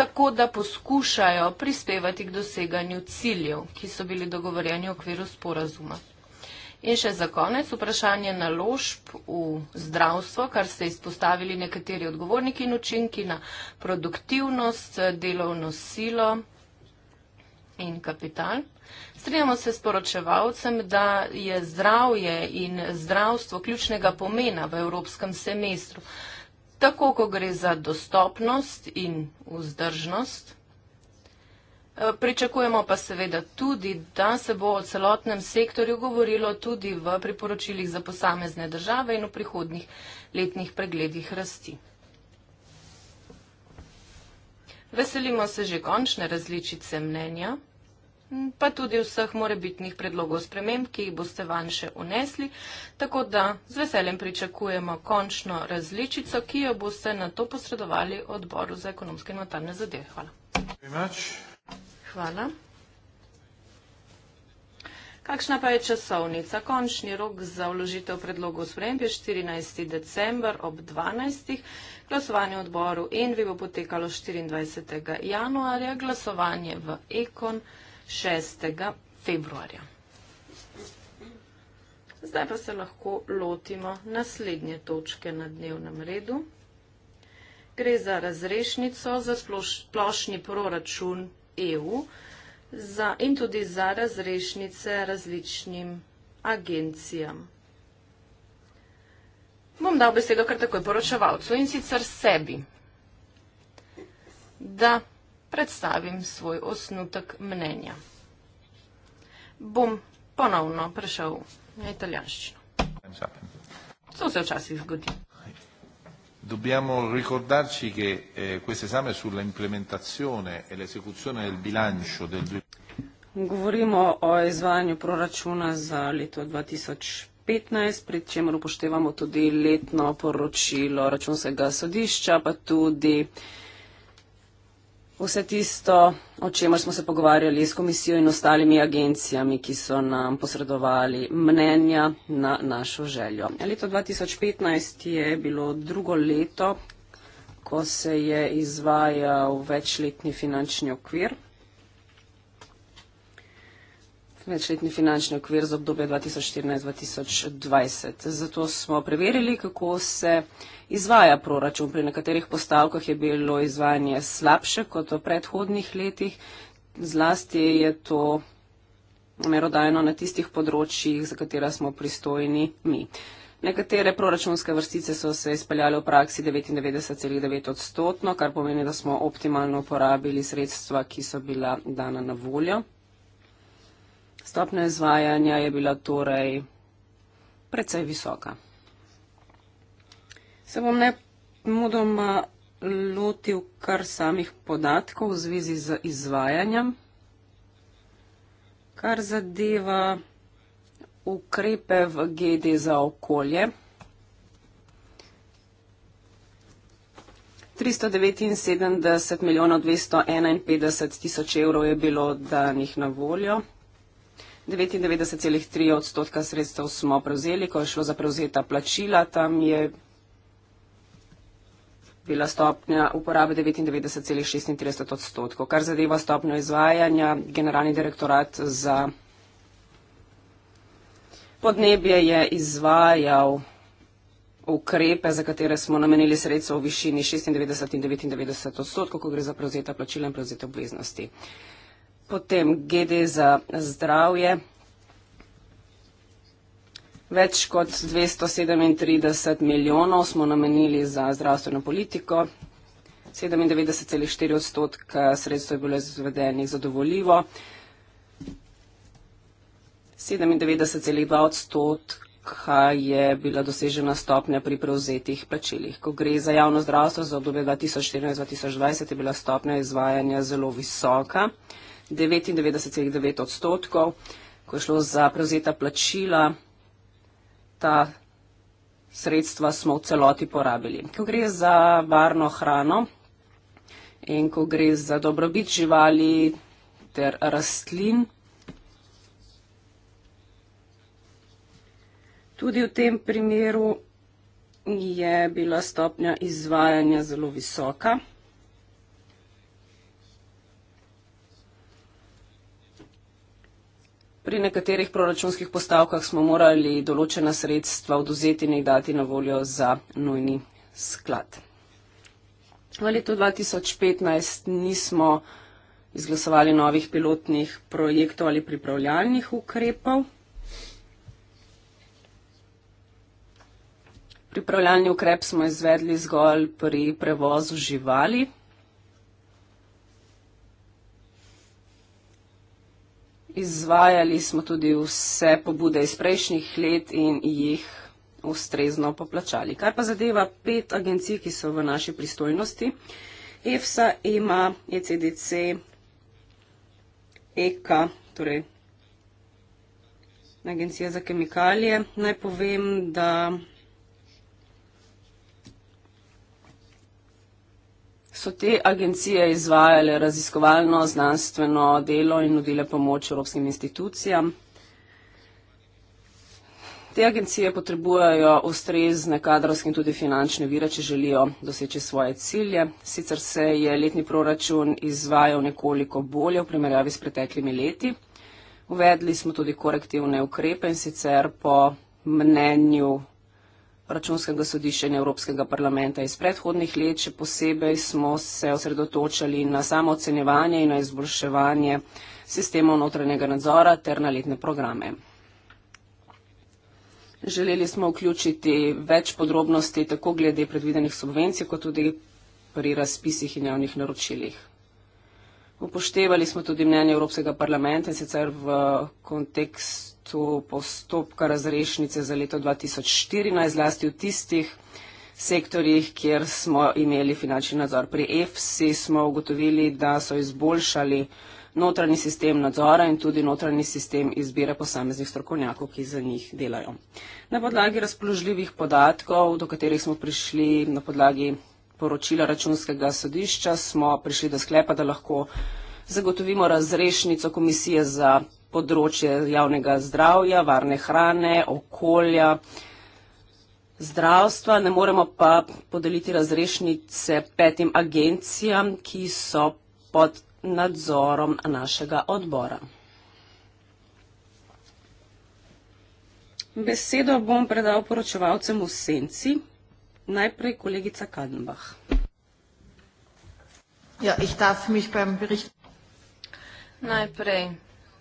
Tako da poskušajo prispevati k doseganju ciljev, ki so bili dogovorjeni v okviru sporazuma. In še za konec vprašanje naložb v zdravstvo, kar ste izpostavili nekateri odgovorniki in učinki na produktivnost, delovno silo in kapital. Strinjamo se s poročevalcem, da je zdravje in zdravstvo ključnega pomena v evropskem semestru. Tako, ko gre za dostopnost in vzdržnost. Eh, pričakujemo pa seveda tudi, da se bo o celotnem sektorju govorilo tudi v priporočilih za posamezne države in v prihodnih letnih pregledih rasti. Veselimo se že končne različice mnenja, pa tudi vseh morebitnih predlogov sprememb, ki jih boste van še unesli, tako da z veseljem pričakujemo končno različico, ki jo boste na to posredovali odboru za ekonomske in notarne zadeve. Hvala. Hvala. Hvala. Kakšna pa je časovnica? Končni rok za vložitev predlogov sprejem je 14. december ob 12. Glasovanje v odboru Envi bo potekalo 24. januarja, glasovanje v Ekon 6. februarja. Zdaj pa se lahko lotimo naslednje točke na dnevnem redu. Gre za razrešnico, za splošni proračun EU za, in tudi za razrešnice različnim agencijam. Bom dal besedo kar takoj poročevalcu in sicer sebi, da predstavim svoj osnutek mnenja. Bom ponovno prišel na italijanščino. To se včasih zgodi. Dobbiamo ricordarci che eh, questo esame sull'implementazione e l'esecuzione del bilancio del... Govorimo o izvajanju proračuna za leto 2015, pri čemer upoštevamo tudi letno poročilo računskega sodišča, pa tudi eh, vse tisto, o čemer smo se pogovarjali s komisijo in ostalimi agencijami, ki so nam posredovali mnenja na našo željo. Leto 2015 je bilo drugo leto, ko se je izvajal večletni finančni okvir večletni finančni okvir za obdobje 2014-2020. Zato smo preverili, kako se izvaja proračun. Pri nekaterih postavkah je bilo izvajanje slabše kot v predhodnih letih. Zlasti je to merodajno na tistih področjih, za katera smo pristojni mi. Nekatere proračunske vrstice so se izpeljale v praksi 99,9 odstotno, kar pomeni, da smo optimalno uporabili sredstva, ki so bila dana na voljo. Stopnja izvajanja je bila torej precej visoka. Se bom ne mudoma lotil kar samih podatkov v zvezi z izvajanjem. Kar zadeva ukrepe v GD za okolje. 379 milijonov 251 tisoč evrov je bilo danih na voljo. 99,3 odstotka sredstev smo prevzeli, ko je šlo za prevzeta plačila, tam je bila stopnja uporabe 99,36 odstotkov. Kar zadeva stopnjo izvajanja, generalni direktorat za podnebje je izvajal ukrepe, za katere smo namenili sredstvo v višini 96 in 99 odstotkov, ko gre za prevzeta plačila in prevzete obveznosti potem GD za zdravje, več kot 237 milijonov smo namenili za zdravstveno politiko, 97,4 odstotka sredstva je bilo izvedenih zadovoljivo, 97,2 odstotka je bila dosežena stopnja pri prevzetih plačilih. Ko gre za javno zdravstvo za obdobje 2014-2020, je bila stopnja izvajanja zelo visoka. 99,9 odstotkov, ko je šlo za prevzeta plačila, ta sredstva smo v celoti porabili. Ko gre za varno hrano in ko gre za dobrobit živali ter rastlin, tudi v tem primeru je bila stopnja izvajanja zelo visoka. Pri nekaterih proračunskih postavkah smo morali določena sredstva oduzeti in jih dati na voljo za nujni sklad. V letu 2015 nismo izglasovali novih pilotnih projektov ali pripravljalnih ukrepov. Pripravljalni ukrep smo izvedli zgolj pri prevozu živali. Izvajali smo tudi vse pobude iz prejšnjih let in jih ustrezno poplačali. Kar pa zadeva pet agencij, ki so v naši pristojnosti, EFSA, EMA, ECDC, EKA, torej Agencija za kemikalije, naj povem, da so te agencije izvajale raziskovalno, znanstveno delo in nudile pomoč evropskim institucijam. Te agencije potrebujejo ustrezne kadrovske in tudi finančne vire, če želijo doseči svoje cilje. Sicer se je letni proračun izvajal nekoliko bolje v primerjavi s preteklimi leti. Uvedli smo tudi korektivne ukrepe in sicer po mnenju računskega sodišča in Evropskega parlamenta. Iz predhodnih let še posebej smo se osredotočali na samo ocenjevanje in na izboljševanje sistemov notranjega nadzora ter na letne programe. Želeli smo vključiti več podrobnosti tako glede predvidenih subvencij, kot tudi pri razpisih in javnih naročilih. Upoštevali smo tudi mnenje Evropskega parlamenta, sicer v kontekstu to postopka razrešnice za leto 2014, zlasti v tistih sektorjih, kjer smo imeli finančni nadzor. Pri EFSI smo ugotovili, da so izboljšali notranji sistem nadzora in tudi notranji sistem izbire posameznih strokovnjakov, ki za njih delajo. Na podlagi razpoložljivih podatkov, do katerih smo prišli na podlagi poročila računskega sodišča, smo prišli do sklepa, da lahko zagotovimo razrešnico komisije za področje javnega zdravja, varne hrane, okolja, zdravstva. Ne moremo pa podeliti razrešnice petim agencijam, ki so pod nadzorom našega odbora. Besedo bom predal poročevalcem v senci. Najprej kolegica Kadenbach. Ja, ich darf mich beim Bericht. Najprej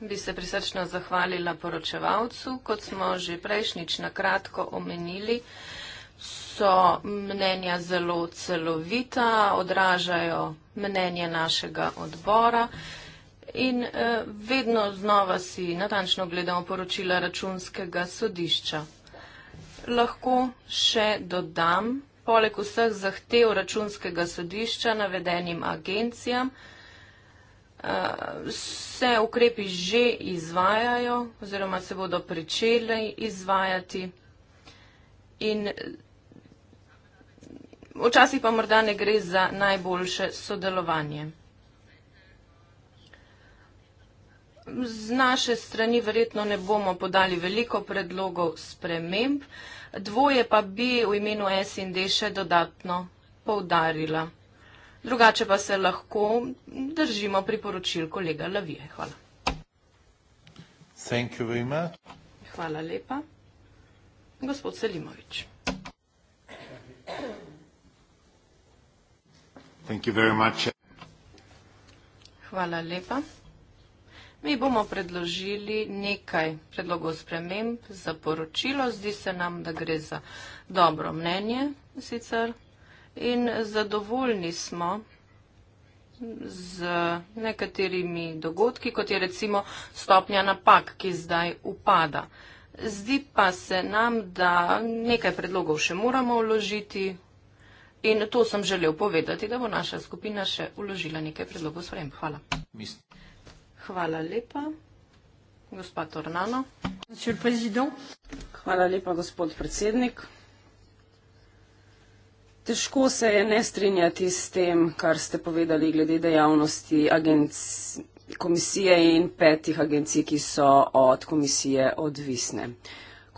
bi se prisrčno zahvalila poročevalcu. Kot smo že prejšnjič na kratko omenili, so mnenja zelo celovita, odražajo mnenje našega odbora. In eh, vedno znova si natančno gledamo poročila računskega sodišča. Lahko še dodam, poleg vseh zahtev računskega sodišča navedenim agencijam, se ukrepi že izvajajo oziroma se bodo pričeli izvajati. In včasih pa morda ne gre za najboljše sodelovanje. Z naše strani verjetno ne bomo podali veliko predlogov sprememb, dvoje pa bi v imenu SND še dodatno poudarila. Drugače pa se lahko držimo priporočil kolega Lavije. Hvala. Hvala lepa. Gospod Selimovič. Hvala lepa. Mi bomo predložili nekaj predlogov sprememb za poročilo. Zdi se nam, da gre za dobro mnenje, sicer in zadovoljni smo z nekaterimi dogodki, kot je recimo stopnja napak, ki zdaj upada. Zdi pa se nam, da nekaj predlogov še moramo vložiti in to sem želel povedati, da bo naša skupina še vložila nekaj predlogov svojem. Hvala. Hvala lepa. Gospod Tornano. Hvala lepa, gospod predsednik težko se je ne strinjati s tem, kar ste povedali glede dejavnosti agenci, komisije in petih agencij, ki so od komisije odvisne.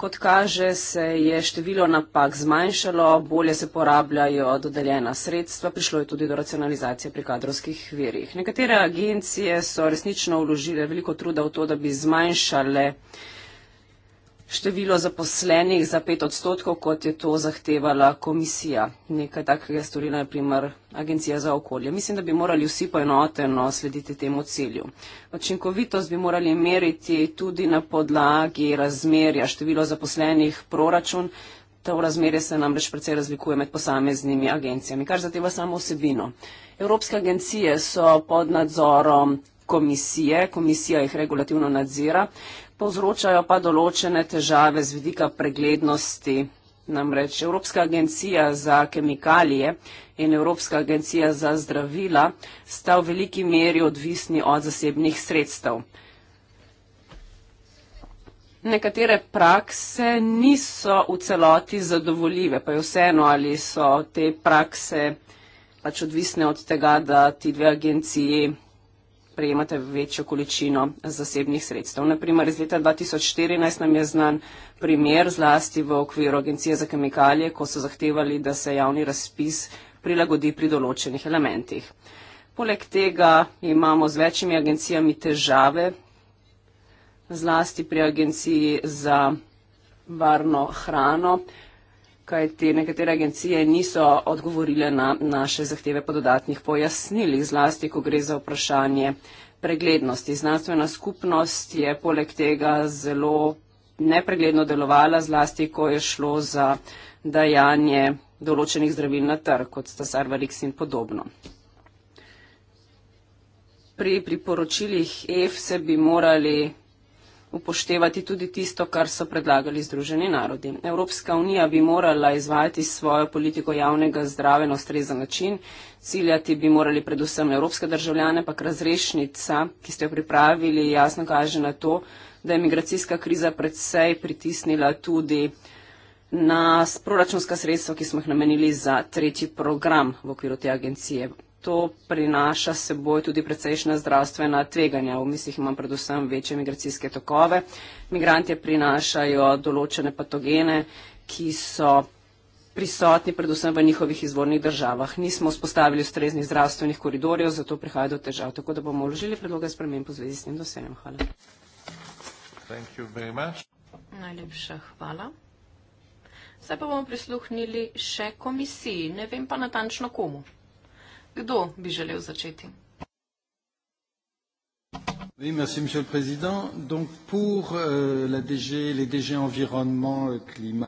Kot kaže, se je število napak zmanjšalo, bolje se porabljajo dodeljena sredstva, prišlo je tudi do racionalizacije pri kadrovskih verjih. Nekatere agencije so resnično vložile veliko truda v to, da bi zmanjšale uh, število zaposlenih za pet odstotkov, kot je to zahtevala komisija. Nekaj takega je storila naprimer Agencija za okolje. Mislim, da bi morali vsi poenoteno slediti temu cilju. Očinkovitost bi morali meriti tudi na podlagi razmerja število zaposlenih proračun. To razmerje se namreč precej razlikuje med posameznimi agencijami, kar zateva samo vsebino. Evropske agencije so pod nadzorom komisije, komisija jih regulativno nadzira, povzročajo pa določene težave z vidika preglednosti. Namreč Evropska agencija za kemikalije in Evropska agencija za zdravila sta v veliki meri odvisni od zasebnih sredstev. Nekatere prakse niso v celoti zadovoljive, pa je vseeno, ali so te prakse pač odvisne od tega, da ti dve agenciji prejemate večjo količino zasebnih sredstev. Naprimer, iz leta 2014 nam je znan primer zlasti v okviru Agencije za kemikalije, ko so zahtevali, da se javni razpis prilagodi pri določenih elementih. Poleg tega imamo z večjimi agencijami težave, zlasti pri Agenciji za varno hrano kaj te nekatere agencije niso odgovorile na naše zahteve po dodatnih pojasnilih, zlasti, ko gre za vprašanje preglednosti. Znanstvena skupnost je poleg tega zelo nepregledno delovala, zlasti, ko je šlo za dajanje določenih zdravil na trg, kot sta Sarvalix in podobno. Pri priporočilih EFSE bi morali upoštevati tudi tisto, kar so predlagali Združeni narodi. Evropska unija bi morala izvajati svojo politiko javnega zdravja na ustrezen način, ciljati bi morali predvsem evropske državljane, pa razrešnica, ki ste jo pripravili, jasno kaže na to, da je migracijska kriza predvsej pritisnila tudi na proračunska sredstva, ki smo jih namenili za tretji program v okviru te agencije to prinaša seboj tudi precejšnja zdravstvena tveganja. V mislih imam predvsem večje migracijske tokove. Migrantje prinašajo določene patogene, ki so prisotni predvsem v njihovih izvornih državah. Nismo spostavili ustreznih zdravstvenih koridorjev, zato prihaja do težav. Tako da bomo vložili predloge sprememb v zvezi s tem dosenjem. Hvala. Najlepša hvala. Zdaj pa bomo prisluhnili še komisiji. Ne vem pa natančno komu. Kdo bi želel začeti? Oui, merci, Monsieur le Président. Donc, pour euh, la DG, les DG environnement, le euh, climat.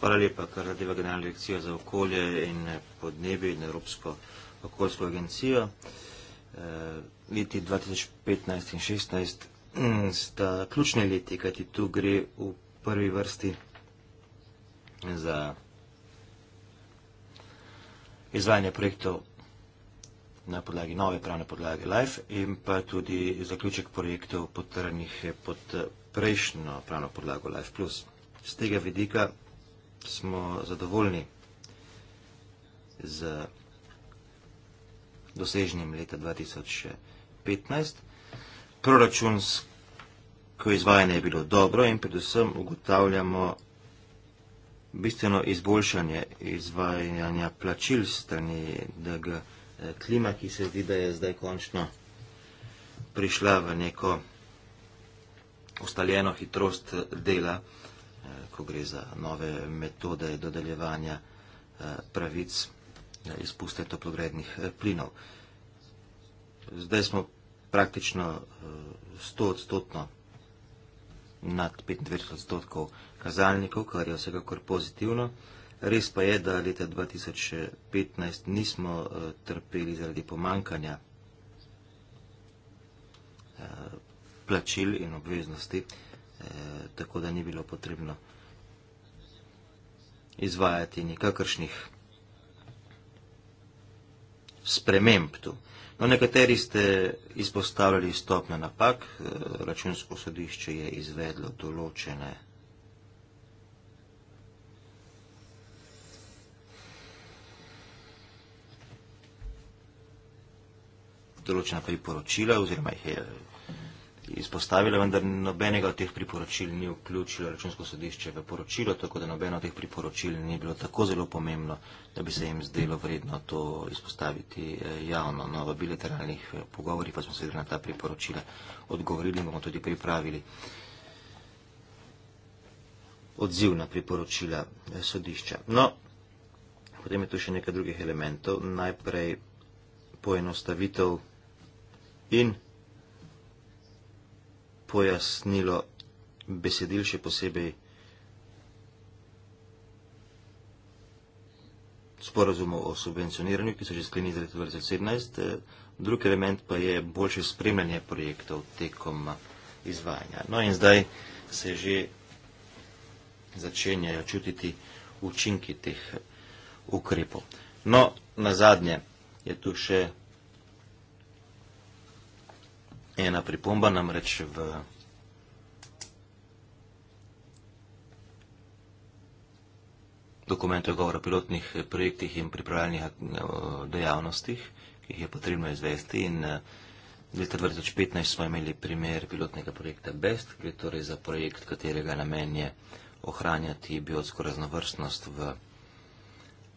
Hvala lepa, kar zadeva generalna direkcija za okolje in eh, podnebje in Evropsko okoljsko agencijo. Eh, leti 2015 in 2016 <clears throat> sta ključni leti, kajti tu gre v prvi vrsti za izvajanje projektov na podlagi nove pravne podlage LIFE in pa tudi zaključek projektov potrnih pod prejšnjo pravno podlago LIFE+. Z tega vidika smo zadovoljni z dosežnjem leta 2015. Proračunsko izvajanje je bilo dobro in predvsem ugotavljamo bistveno izboljšanje izvajanja plačil strani DGV. Eh, klima, ki se zdi, da je zdaj končno prišla v neko ustaljeno hitrost eh, dela, eh, ko gre za nove metode dodeljevanja pravic izpuste toplogrednih plinov. Zdaj smo praktično 100 odstotno nad 25 odstotkov kazalnikov, kar je vsekakor pozitivno. Res pa je, da leta 2015 nismo eh, trpeli zaradi pomankanja eh, plačil in obveznosti, eh, tako da ni bilo potrebno izvajati nikakršnih sprememb tu. No, nekateri ste izpostavljali stopne napak, računsko sodišče je izvedlo določene napak, določena priporočila oziroma jih je izpostavila, vendar nobenega od teh priporočil ni vključilo računsko sodišče v poročilo, tako da nobeno od teh priporočil ni bilo tako zelo pomembno, da bi se jim zdelo vredno to izpostaviti eh, javno. No, v bilateralnih eh, pogovorih pa smo se na ta priporočila odgovorili in bomo tudi pripravili odziv na priporočila eh, sodišča. No, potem je tu še nekaj drugih elementov. Najprej poenostavitev in pojasnilo besedil še posebej sporozumov o subvencioniranju, ki so že sklenili iz leta 2017. Eh, Drugi element pa je boljše spremljanje projektov tekom eh, izvajanja. No in zdaj se že začenjajo čutiti učinki teh eh, ukrepov. No, na zadnje je tu še ena pripomba namreč v dokumentu je govor o pilotnih projektih in pripravljalnih eh, dejavnostih, ki jih je potrebno izvesti in eh, leta 2015 smo imeli primer pilotnega projekta BEST, ki je torej za projekt, katerega namen je ohranjati biotsko raznovrstnost v projektu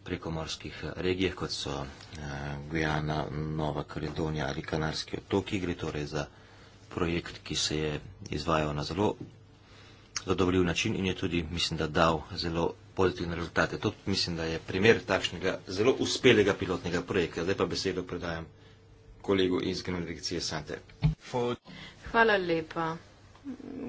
prekomorskih eh, regijah, kot so eh, Gujana, Nova Kaledonija ali Kanarski otoki. Gre torej za projekt, ki se je izvajal na zelo zadovoljiv način in je tudi, mislim, da dal zelo pozitivne rezultate. To mislim, da je primer takšnega zelo uspelega pilotnega projekta. Zdaj pa besedo predajam kolegu iz Generalne direkcije Sante. Hvala lepa.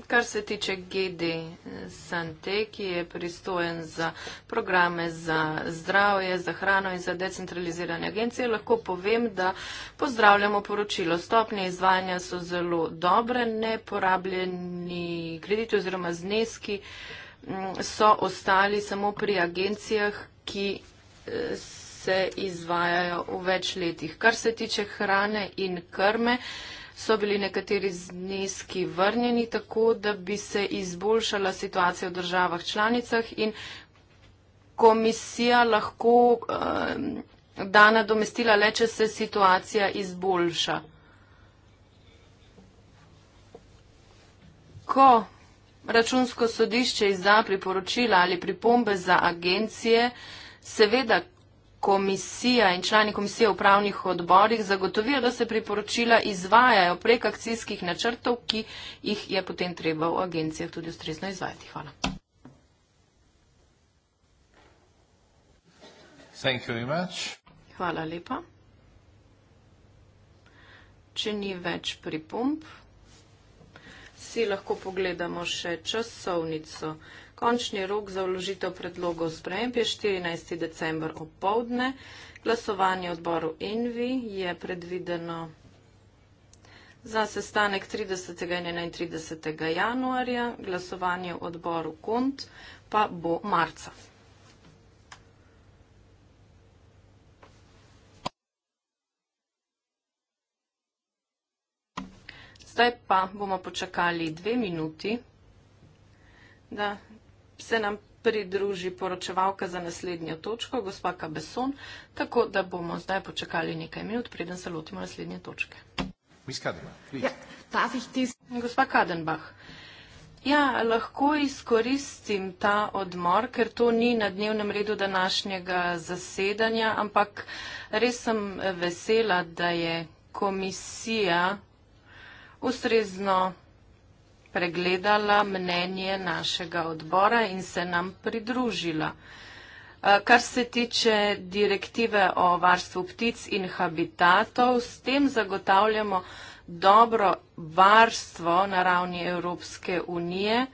Kar se tiče Gedi Sante, ki je pristojen za programe za zdravje, za hrano in za decentralizirane agencije, lahko povem, da pozdravljamo poročilo. Stopnje izvajanja so zelo dobre, neporabljeni krediti oziroma zneski mm, so ostali samo pri agencijah, ki eh, se izvajajo v več letih. Kar se tiče hrane in krme, so bili nekateri zneski vrnjeni tako, da bi se izboljšala situacija v državah članicah in komisija lahko uh, da nadomestila le, če se situacija izboljša. Ko računsko sodišče izda priporočila ali pripombe za agencije, seveda, komisija in člani komisije upravnih odborih zagotovijo, da se priporočila izvajajo prek akcijskih načrtov, ki jih je potem treba v agencijah tudi ustrezno izvajati. Hvala. Thank you very much. Hvala lepa. Če ni več pripomp, si lahko pogledamo še časovnico. Končni rok za vložitev predlogov sprejem je 14. december o povdne. Glasovanje odboru Envi je predvideno za sestanek 30. in 31. januarja, glasovanje v odboru KUNT pa bo marca. Zdaj pa bomo počakali dve minuti, da se nam pridruži poročevalka za naslednjo točko, gospa Kabeson, tako da bomo zdaj počakali nekaj minut, preden se lotimo naslednje točke. Kadenbach, ja, tis... Gospa Kadenbach, ja, lahko izkoristim ta odmor, ker to ni na dnevnem redu današnjega zasedanja, ampak res sem vesela, da je komisija ustrezno pregledala mnenje našega odbora in se nam pridružila. Eh, kar se tiče direktive o varstvu ptic in habitatov, s tem zagotavljamo dobro varstvo na ravni Evropske unije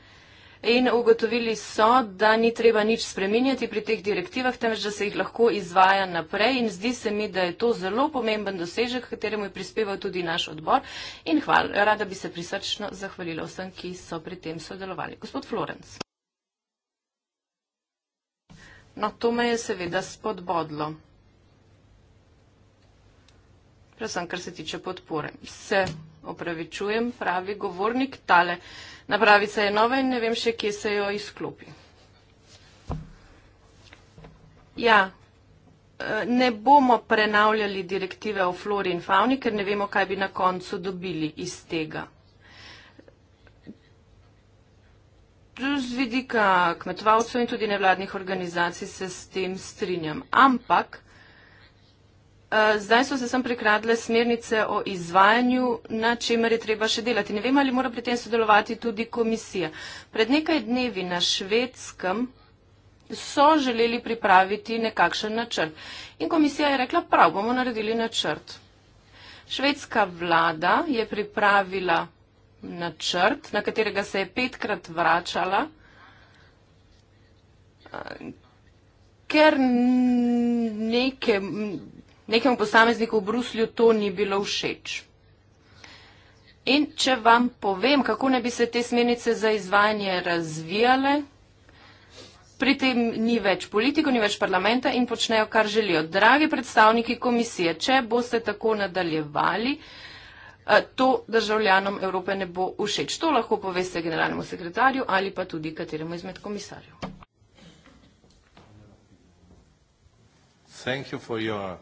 in ugotovili so, da ni treba nič spreminjati pri teh direktivah, temveč da se jih lahko izvaja naprej in zdi se mi, da je to zelo pomemben dosežek, kateremu je prispeval tudi naš odbor in hvala, rada bi se prisrčno zahvalila vsem, ki so pri tem sodelovali. Gospod Florenc. No, to me je seveda spodbodlo. Predvsem, kar se tiče podpore. Se opravičujem, pravi govornik tale. Napravica je nova in ne vem še, kje se jo izklopi. Ja, e, ne bomo prenavljali direktive o flori in fauni, ker ne vemo, kaj bi na koncu dobili iz tega. Z vidika kmetovalcev in tudi nevladnih organizacij se s tem strinjam. Ampak Eh, zdaj so se sem prikradle smernice o izvajanju, na čemer je treba še delati. Ne vem, ali mora pri tem sodelovati tudi komisija. Pred nekaj dnevi na švedskem so želeli pripraviti nekakšen načrt. In komisija je rekla, prav, bomo naredili načrt. Švedska vlada je pripravila načrt, na katerega se je petkrat vračala, eh, ker neke. Nekemu posamezniku v Bruslju to ni bilo všeč. In če vam povem, kako ne bi se te smernice za izvajanje razvijale, pri tem ni več politiko, ni več parlamenta in počnejo, kar želijo. Dragi predstavniki komisije, če boste tako nadaljevali, eh, to državljanom Evrope ne bo všeč. To lahko poveste generalnemu sekretarju ali pa tudi kateremu izmed komisarjev. Thank you for your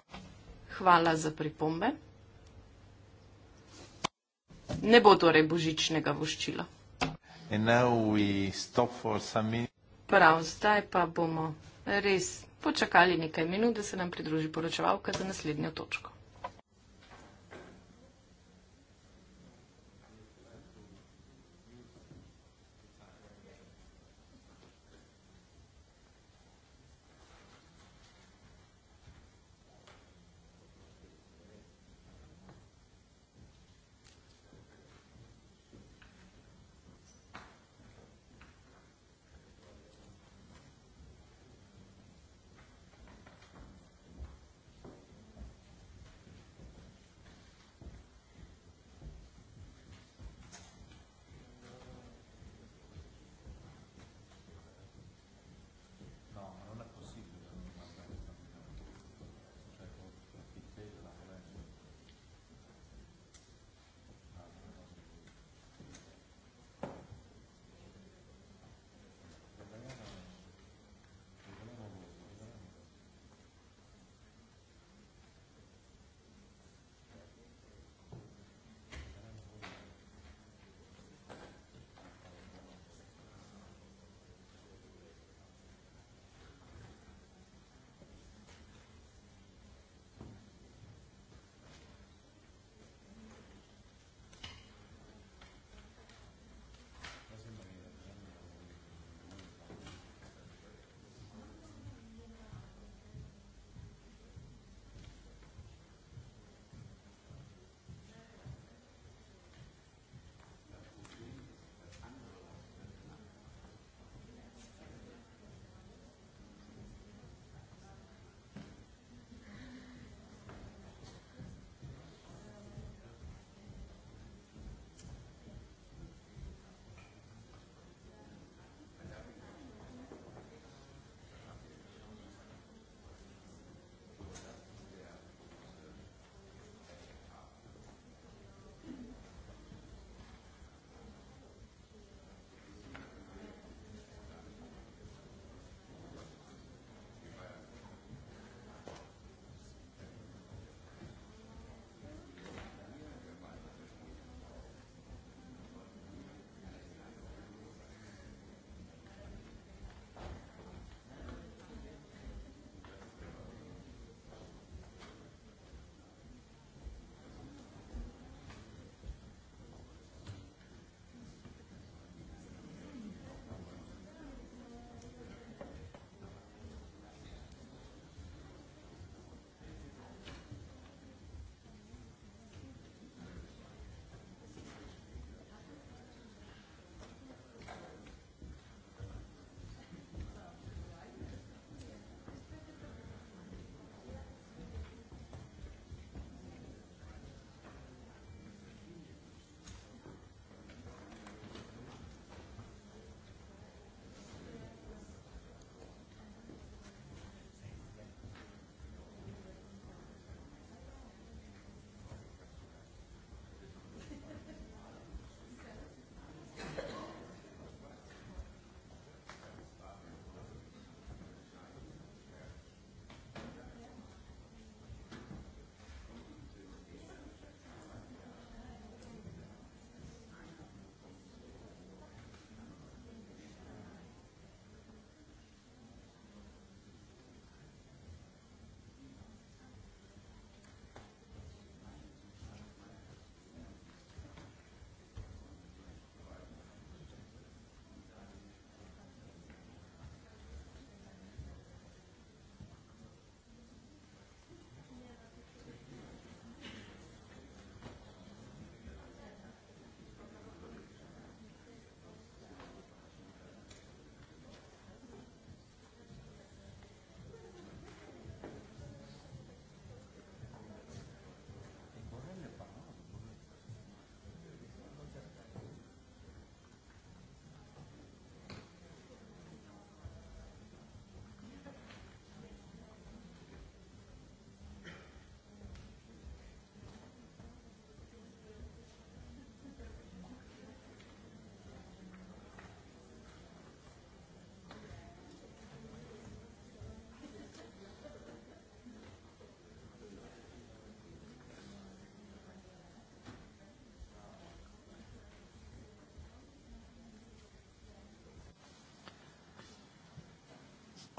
hvala za pripombe. Ne bo torej božičnega voščila. Prav, zdaj pa bomo res počakali nekaj minut, da se nam pridruži poročevalka za naslednjo točko.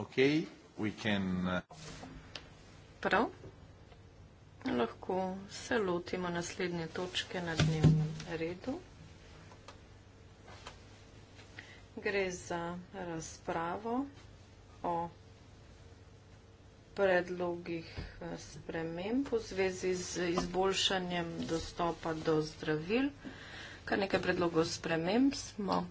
Okay, we can, uh... Prav, lahko se lotimo naslednje točke na dnevnem redu. Gre za razpravo o predlogih eh, sprememb v zvezi z izboljšanjem dostopa do zdravil. Kar nekaj predlogov sprememb smo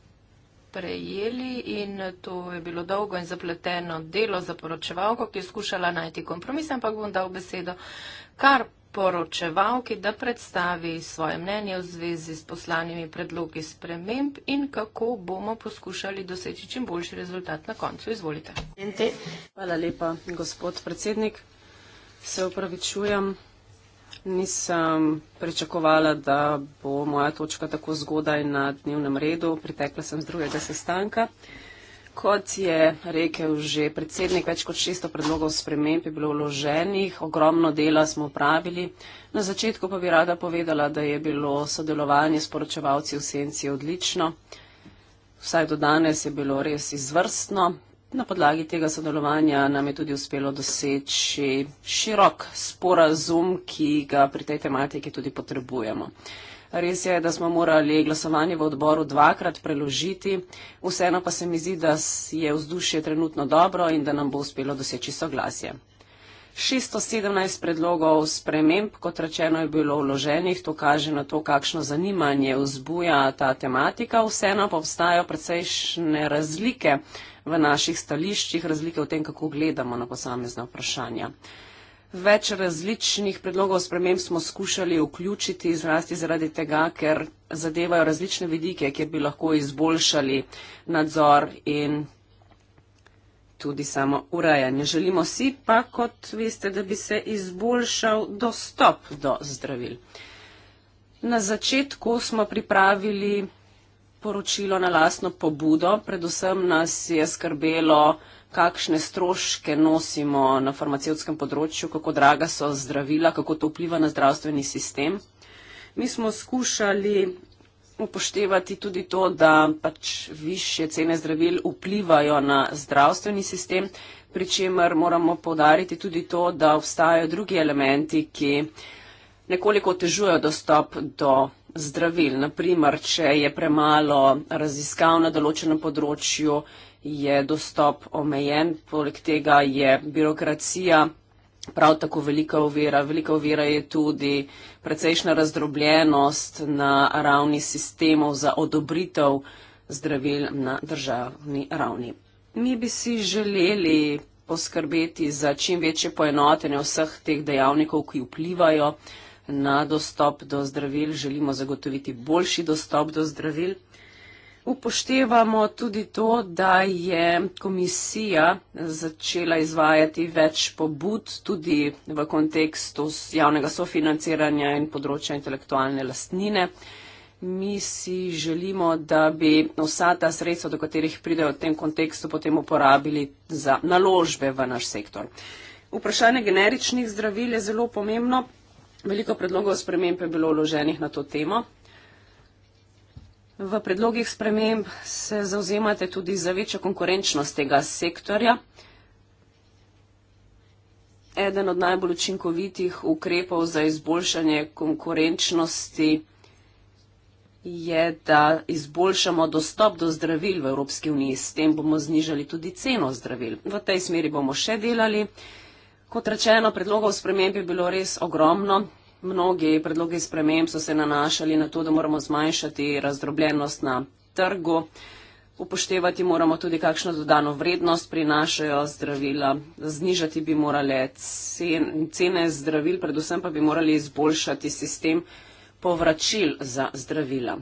prejeli in to je bilo dolgo in zapleteno delo za poročevalko, ki je skušala najti kompromis, ampak bom dal besedo kar poročevalki, da predstavi svoje mnenje v zvezi s poslanimi predlogi sprememb in kako bomo poskušali doseči čim boljši rezultat na koncu. Izvolite. Hvala lepa, gospod predsednik. Se upravičujem. Nisem pričakovala, da bo moja točka tako zgodaj na dnevnem redu. Pritekla sem z drugega sestanka. Kot je rekel že predsednik, več kot 600 predlogov sprememb je bilo vloženih, ogromno dela smo upravili. Na začetku pa bi rada povedala, da je bilo sodelovanje s poročevalci v senci odlično. Vsaj do danes je bilo res izvrstno. Na podlagi tega sodelovanja nam je tudi uspelo doseči širok sporazum, ki ga pri tej tematiki tudi potrebujemo. Res je, da smo morali glasovanje v odboru dvakrat preložiti, vseeno pa se mi zdi, da je vzdušje trenutno dobro in da nam bo uspelo doseči soglasje. 617 predlogov sprememb, kot rečeno, je bilo vloženih. To kaže na to, kakšno zanimanje vzbuja ta tematika. Vseeno pa obstajajo precejšne razlike v naših stališčih, razlike v tem, kako gledamo na posamezne vprašanja. Več različnih predlogov sprememb smo skušali vključiti zlasti zaradi tega, ker zadevajo različne vidike, kjer bi lahko izboljšali nadzor in tudi samo urajanje. Želimo si pa, kot veste, da bi se izboljšal dostop do zdravil. Na začetku smo pripravili poročilo na lastno pobudo. Predvsem nas je skrbelo, kakšne stroške nosimo na farmacevskem področju, kako draga so zdravila, kako to vpliva na zdravstveni sistem. Mi smo skušali upoštevati tudi to, da pač više cene zdravil vplivajo na zdravstveni sistem, pri čemer moramo povdariti tudi to, da obstajajo drugi elementi, ki nekoliko otežujejo dostop do zdravil. Naprimer, če je premalo raziskav na določenem področju, je dostop omejen, poleg tega je birokracija prav tako velika ovira. Velika ovira je tudi precejšna razdrobljenost na ravni sistemov za odobritev zdravil na državni ravni. Mi bi si želeli poskrbeti za čim večje poenotenje vseh teh dejavnikov, ki vplivajo na dostop do zdravil. Želimo zagotoviti boljši dostop do zdravil. Upoštevamo tudi to, da je komisija začela izvajati več pobud tudi v kontekstu javnega sofinanciranja in področja intelektualne lastnine. Mi si želimo, da bi vsa ta sredstva, do katerih pridejo v tem kontekstu, potem uporabili za naložbe v naš sektor. Vprašanje generičnih zdravil je zelo pomembno. Veliko predlogov sprememb je bilo vloženih na to temo. V predlogih sprememb se zauzemate tudi za večjo konkurenčnost tega sektorja. Eden od najbolj učinkovitih ukrepov za izboljšanje konkurenčnosti je, da izboljšamo dostop do zdravil v Evropski uniji. S tem bomo znižali tudi ceno zdravil. V tej smeri bomo še delali. Kot rečeno, predlogov sprememb je bilo res ogromno. Mnogi predlogi sprememb so se nanašali na to, da moramo zmanjšati razdrobljenost na trgu. Upoštevati moramo tudi, kakšno dodano vrednost prinašajo zdravila. Znižati bi morale cen, cene zdravil, predvsem pa bi morali izboljšati sistem povračil za zdravila.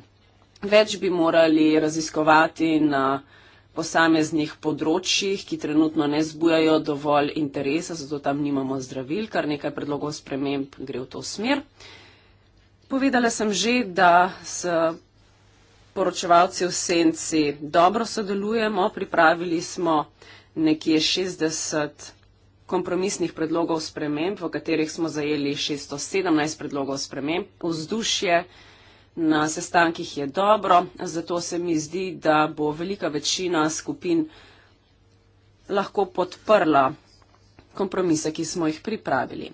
Več bi morali raziskovati na posameznih področjih, ki trenutno ne zbujajo dovolj interesa, zato tam nimamo zdravil, kar nekaj predlogov sprememb gre v to smer. Povedala sem že, da s poročevalci v Senci dobro sodelujemo, pripravili smo nekje 60 kompromisnih predlogov sprememb, v katerih smo zajeli 617 predlogov sprememb, vzdušje, na sestankih je dobro, zato se mi zdi, da bo velika večina skupin lahko podprla kompromise, ki smo jih pripravili.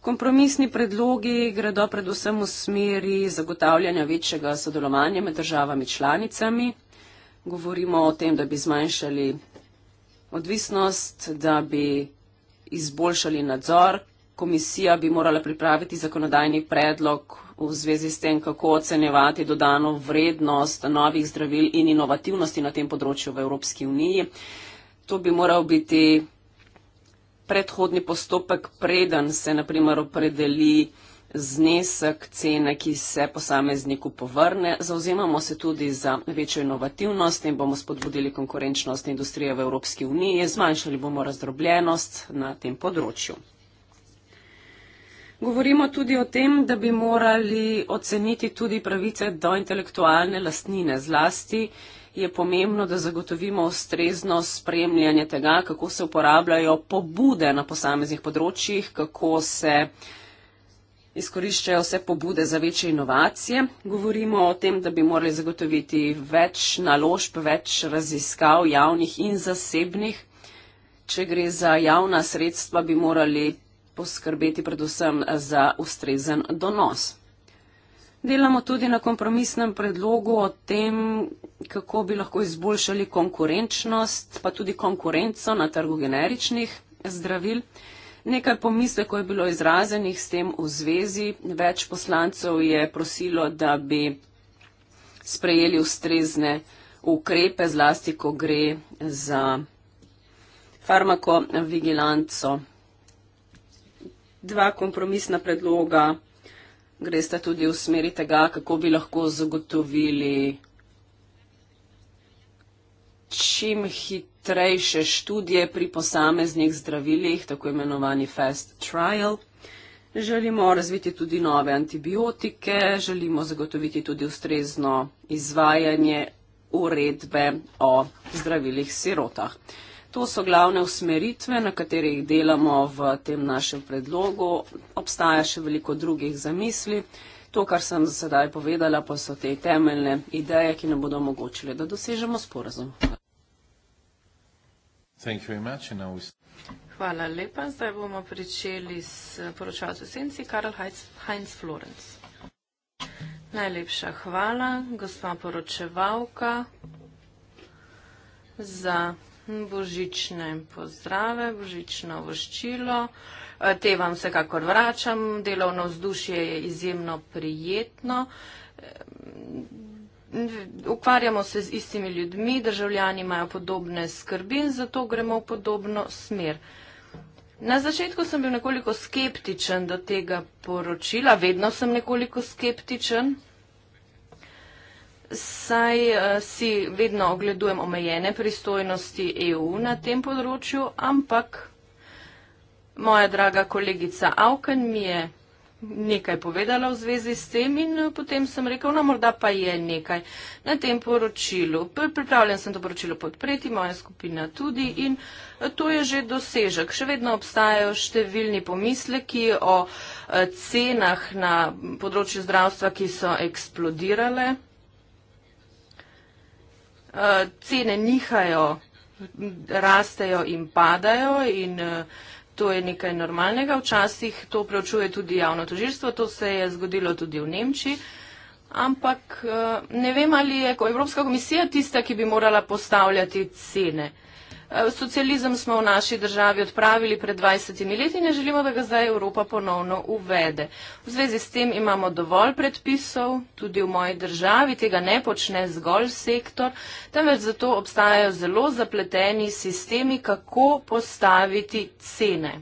Kompromisni predlogi gredo predvsem v smeri zagotavljanja večjega sodelovanja med državami članicami. Govorimo o tem, da bi zmanjšali odvisnost, da bi izboljšali nadzor, komisija bi morala pripraviti zakonodajni predlog v zvezi s tem, kako ocenjevati dodano vrednost novih zdravil in inovativnosti na tem področju v Evropski uniji. To bi moral biti predhodni postopek, preden se naprimer opredeli znesek cene, ki se posamezniku povrne. Zauzemamo se tudi za večjo inovativnost in bomo spodbudili konkurenčnost industrije v Evropski uniji. Zmanjšali bomo razdrobljenost na tem področju. Govorimo tudi o tem, da bi morali oceniti tudi pravice do intelektualne lastnine. Zlasti je pomembno, da zagotovimo ustrezno spremljanje tega, kako se uporabljajo pobude na posameznih področjih, kako se izkoriščajo vse pobude za večje inovacije. Govorimo o tem, da bi morali zagotoviti več naložb, več raziskav javnih in zasebnih. Če gre za javna sredstva, bi morali poskrbeti predvsem za ustrezen donos. Delamo tudi na kompromisnem predlogu o tem, kako bi lahko izboljšali konkurenčnost, pa tudi konkurenco na trgu generičnih zdravil. Nekaj pomislekov je bilo izrazenih s tem v zvezi. Več poslancev je prosilo, da bi sprejeli ustrezne ukrepe, zlasti ko gre za farmakovigilanco dva kompromisna predloga gresta tudi v smeri tega, kako bi lahko zagotovili čim hitrejše študije pri posameznih zdravilih, tako imenovani fast trial. Želimo razviti tudi nove antibiotike, želimo zagotoviti tudi ustrezno izvajanje uredbe o zdravilih sirotah. To so glavne usmeritve, na katerih delamo v tem našem predlogu. Obstaja še veliko drugih zamisli. To, kar sem za sedaj povedala, pa so te temeljne ideje, ki nam bodo omogočile, da dosežemo sporazum. Hvala lepa. Zdaj bomo pričeli s poročalcem senci Karl Heinz Florence. Najlepša hvala, gospa poročevalka, za Božične pozdrave, božično voščilo. E, te vam vsekakor vračam. Delovno vzdušje je izjemno prijetno. E, ukvarjamo se z istimi ljudmi, državljani imajo podobne skrbi in zato gremo v podobno smer. Na začetku sem bil nekoliko skeptičen do tega poročila, vedno sem nekoliko skeptičen, saj uh, si vedno ogledujem omejene pristojnosti EU na tem področju, ampak moja draga kolegica Auken mi je nekaj povedala v zvezi s tem in eh, potem sem rekel, no morda pa je nekaj na tem poročilu. Pripravljen sem to poročilo podpreti, moja skupina tudi in eh, to je že dosežek. Še vedno obstajajo številni pomisleki o cenah na področju zdravstva, ki so eksplodirale uh, cene nihajo, rastejo in padajo in uh, to je nekaj normalnega. Včasih to preučuje tudi javno tožilstvo, to se je zgodilo tudi v Nemčiji. Ampak uh, ne vem, ali je Evropska komisija tista, ki bi morala postavljati cene. Uh, Socializem smo v naši državi odpravili pred 20 leti in ne želimo, da ga zdaj Evropa ponovno uvede. V zvezi s tem imamo dovolj predpisov, tudi v moji državi tega ne počne zgolj sektor, temveč zato obstajajo zelo zapleteni sistemi, kako postaviti cene.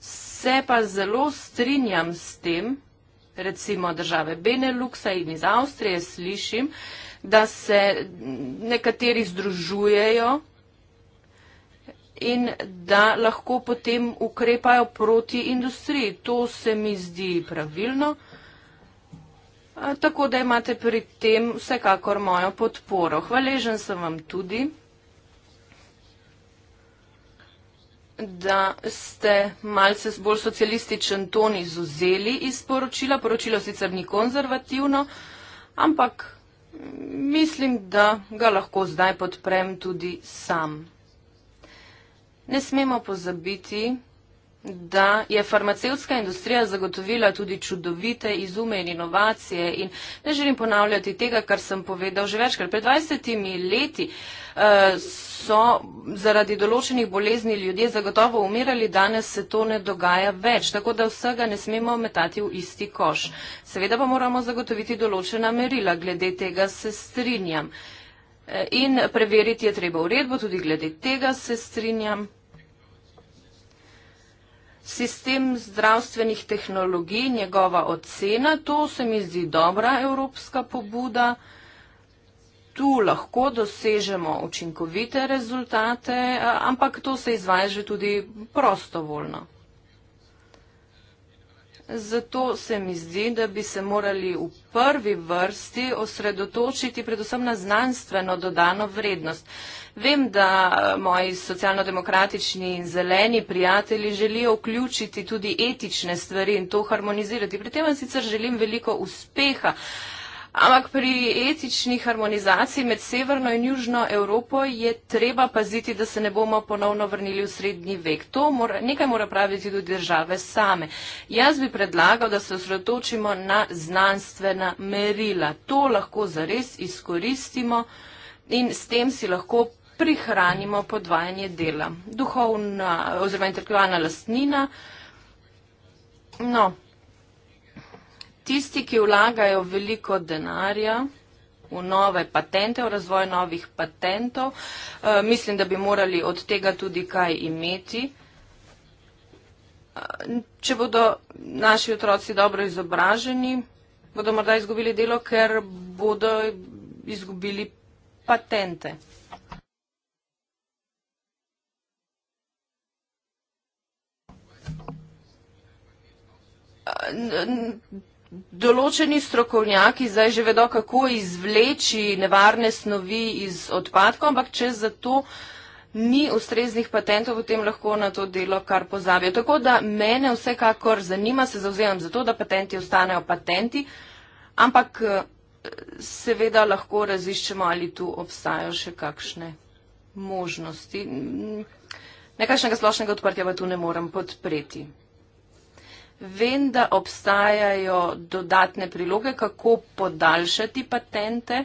Se pa zelo strinjam s tem, recimo države Beneluxa in iz Avstrije slišim, da se nekateri združujejo in da lahko potem ukrepajo proti industriji. To se mi zdi pravilno, tako da imate pri tem vsekakor mojo podporo. Hvaležen sem vam tudi, da ste malce bolj socialističen ton izuzeli iz poročila. Poročilo sicer ni konzervativno, ampak Mislim, da ga lahko zdaj podprem tudi sam. Ne smemo pozabiti, da je farmacevtska industrija zagotovila tudi čudovite izume in inovacije in ne želim ponavljati tega, kar sem povedal že večkrat. Pred 20 leti eh, so zaradi določenih bolezni ljudje zagotovo umirali, danes se to ne dogaja več, tako da vsega ne smemo metati v isti koš. Seveda pa moramo zagotoviti določena merila, glede tega se strinjam. Eh, in preveriti je treba uredbo, tudi glede tega se strinjam sistem zdravstvenih tehnologij, njegova ocena, to se mi zdi dobra evropska pobuda. Tu lahko dosežemo učinkovite rezultate, ampak to se izvaja že tudi prostovoljno. Zato se mi zdi, da bi se morali v prvi vrsti osredotočiti predvsem na znanstveno dodano vrednost. Vem, da eh, moji socialno-demokratični in zeleni prijatelji želijo vključiti tudi etične stvari in to harmonizirati. Pri tem vam sicer želim veliko uspeha. Ampak pri etični harmonizaciji med Severno in Južno Evropo je treba paziti, da se ne bomo ponovno vrnili v srednji vek. To mora, nekaj mora praviti tudi države same. Jaz bi predlagal, da se osredotočimo na znanstvena merila. To lahko zares izkoristimo in s tem si lahko prihranimo podvajanje dela. Duhovna oziroma intelektualna lastnina, no, tisti, ki vlagajo veliko denarja v nove patente, v razvoj novih patentov, eh, mislim, da bi morali od tega tudi kaj imeti. Eh, če bodo naši otroci dobro izobraženi, bodo morda izgubili delo, ker bodo izgubili patente. določeni strokovnjaki zdaj že vedo, kako izvleči nevarne snovi iz odpadkov, ampak če za to ni ustreznih patentov, potem lahko na to delo kar pozabijo. Tako da mene vsekakor zanima, se zauzemam za to, da patenti ostanejo patenti, ampak eh, seveda lahko raziščemo, ali tu obstajajo še kakšne možnosti. Nekakšnega splošnega odprtja pa tu ne morem podpreti. Vem, da obstajajo dodatne priloge, kako podaljšati patente.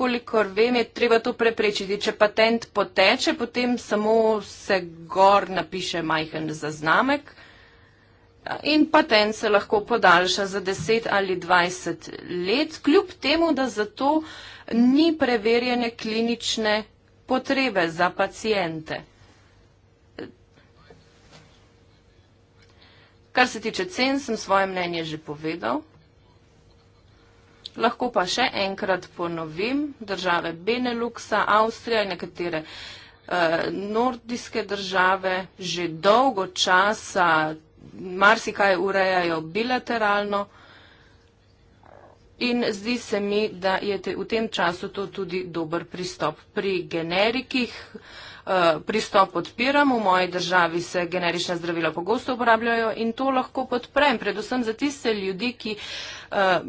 Kolikor vem, je treba to preprečiti. Če patent poteče, potem samo se gor napiše majhen zaznamek. In patent se lahko podaljša za 10 ali 20 let, kljub temu, da za to ni preverjene klinične potrebe za pacijente. Kar se tiče cen, sem svoje mnenje že povedal. Lahko pa še enkrat ponovim, države Beneluxa, Avstrija in nekatere eh, nordijske države že dolgo časa marsikaj urejajo bilateralno in zdi se mi, da je te, v tem času to tudi dober pristop. Pri generikih eh, Eh, pristop podpiram, v moji državi se generična zdravila pogosto uporabljajo in to lahko podprem, predvsem za tiste ljudi, ki eh,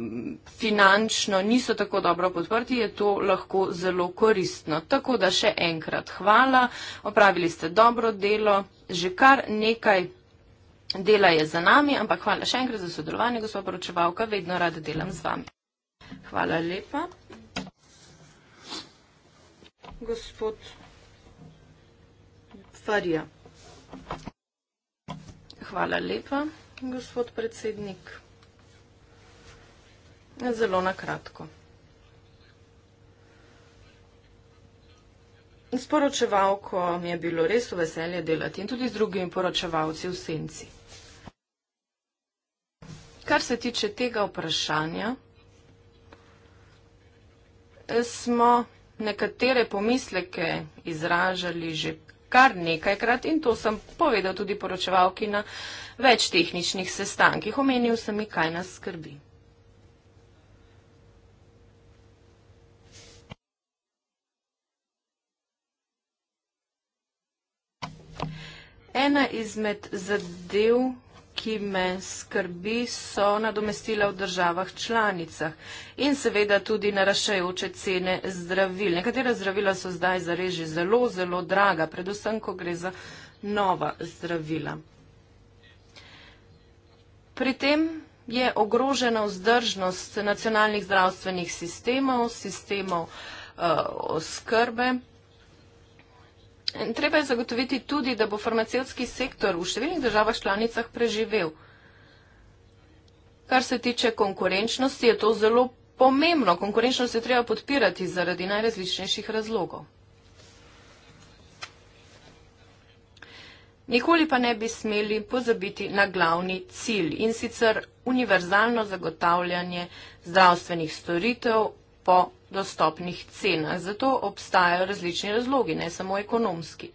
finančno niso tako dobro podprti, je to lahko zelo koristno. Tako da še enkrat hvala, opravili ste dobro delo, že kar nekaj. Dela je za nami, ampak hvala še enkrat za sodelovanje, gospod poročevalka, vedno rada delam z vami. Hvala lepa. Gospod Gašparija. Hvala lepa, gospod predsednik. Zelo nakratko. Sporočevalko mi je bilo res v veselje delati in tudi z drugimi poročevalci v senci. Kar se tiče tega vprašanja, smo nekatere pomisleke izražali že kar nekajkrat in to sem povedal tudi poročevalki na več tehničnih sestankih. Omenil sem jih, kaj nas skrbi. Ena izmed zadev, ki me skrbi, so nadomestila v državah članicah in seveda tudi naraščajoče cene zdravil. Nekatera zdravila so zdaj zareži zelo, zelo draga, predvsem, ko gre za nova zdravila. Pri tem je ogrožena vzdržnost nacionalnih zdravstvenih sistemov, sistemov uh, oskrbe. In treba je zagotoviti tudi, da bo farmacevski sektor v številnih državah članicah preživel. Kar se tiče konkurenčnosti, je to zelo pomembno. Konkurenčnost je treba podpirati zaradi najrazličnejših razlogov. Nikoli pa ne bi smeli pozabiti na glavni cilj in sicer univerzalno zagotavljanje zdravstvenih storitev po dostopnih cenah. Zato obstajajo različni razlogi, ne samo ekonomski.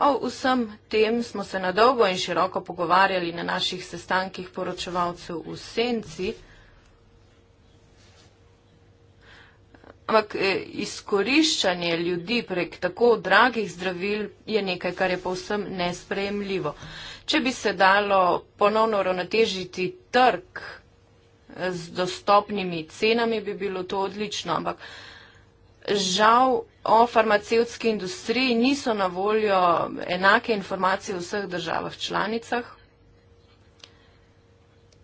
O vsem tem smo se nadolgo in široko pogovarjali na naših sestankih poročevalcev v Senci. Ampak eh, izkoriščanje ljudi prek tako dragih zdravil je nekaj, kar je povsem nesprejemljivo. Če bi se dalo ponovno ravnotežiti trg, z dostopnimi cenami bi bilo to odlično, ampak žal o farmacevtski industriji niso na voljo enake informacije v vseh državah članicah.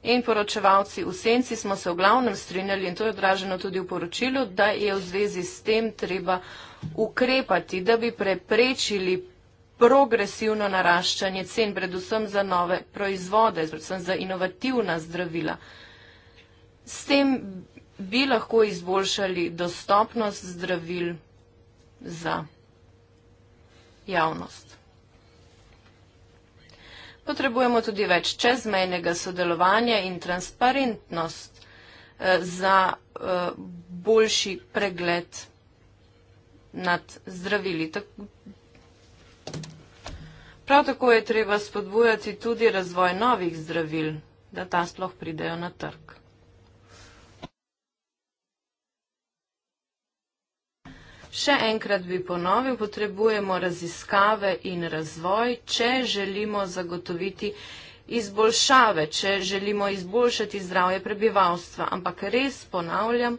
In poročevalci v senci smo se v glavnem strinjali, in to je odraženo tudi v poročilu, da je v zvezi s tem treba ukrepati, da bi preprečili progresivno naraščanje cen, predvsem za nove proizvode, predvsem za inovativna zdravila. S tem bi lahko izboljšali dostopnost zdravil za javnost. Potrebujemo tudi več čezmejnega sodelovanja in transparentnost eh, za eh, boljši pregled nad zdravili. Prav tako je treba spodbujati tudi razvoj novih zdravil, da ta sploh pridejo na trg. Še enkrat bi ponovil, potrebujemo raziskave in razvoj, če želimo zagotoviti izboljšave, če želimo izboljšati zdravje prebivalstva. Ampak res ponavljam,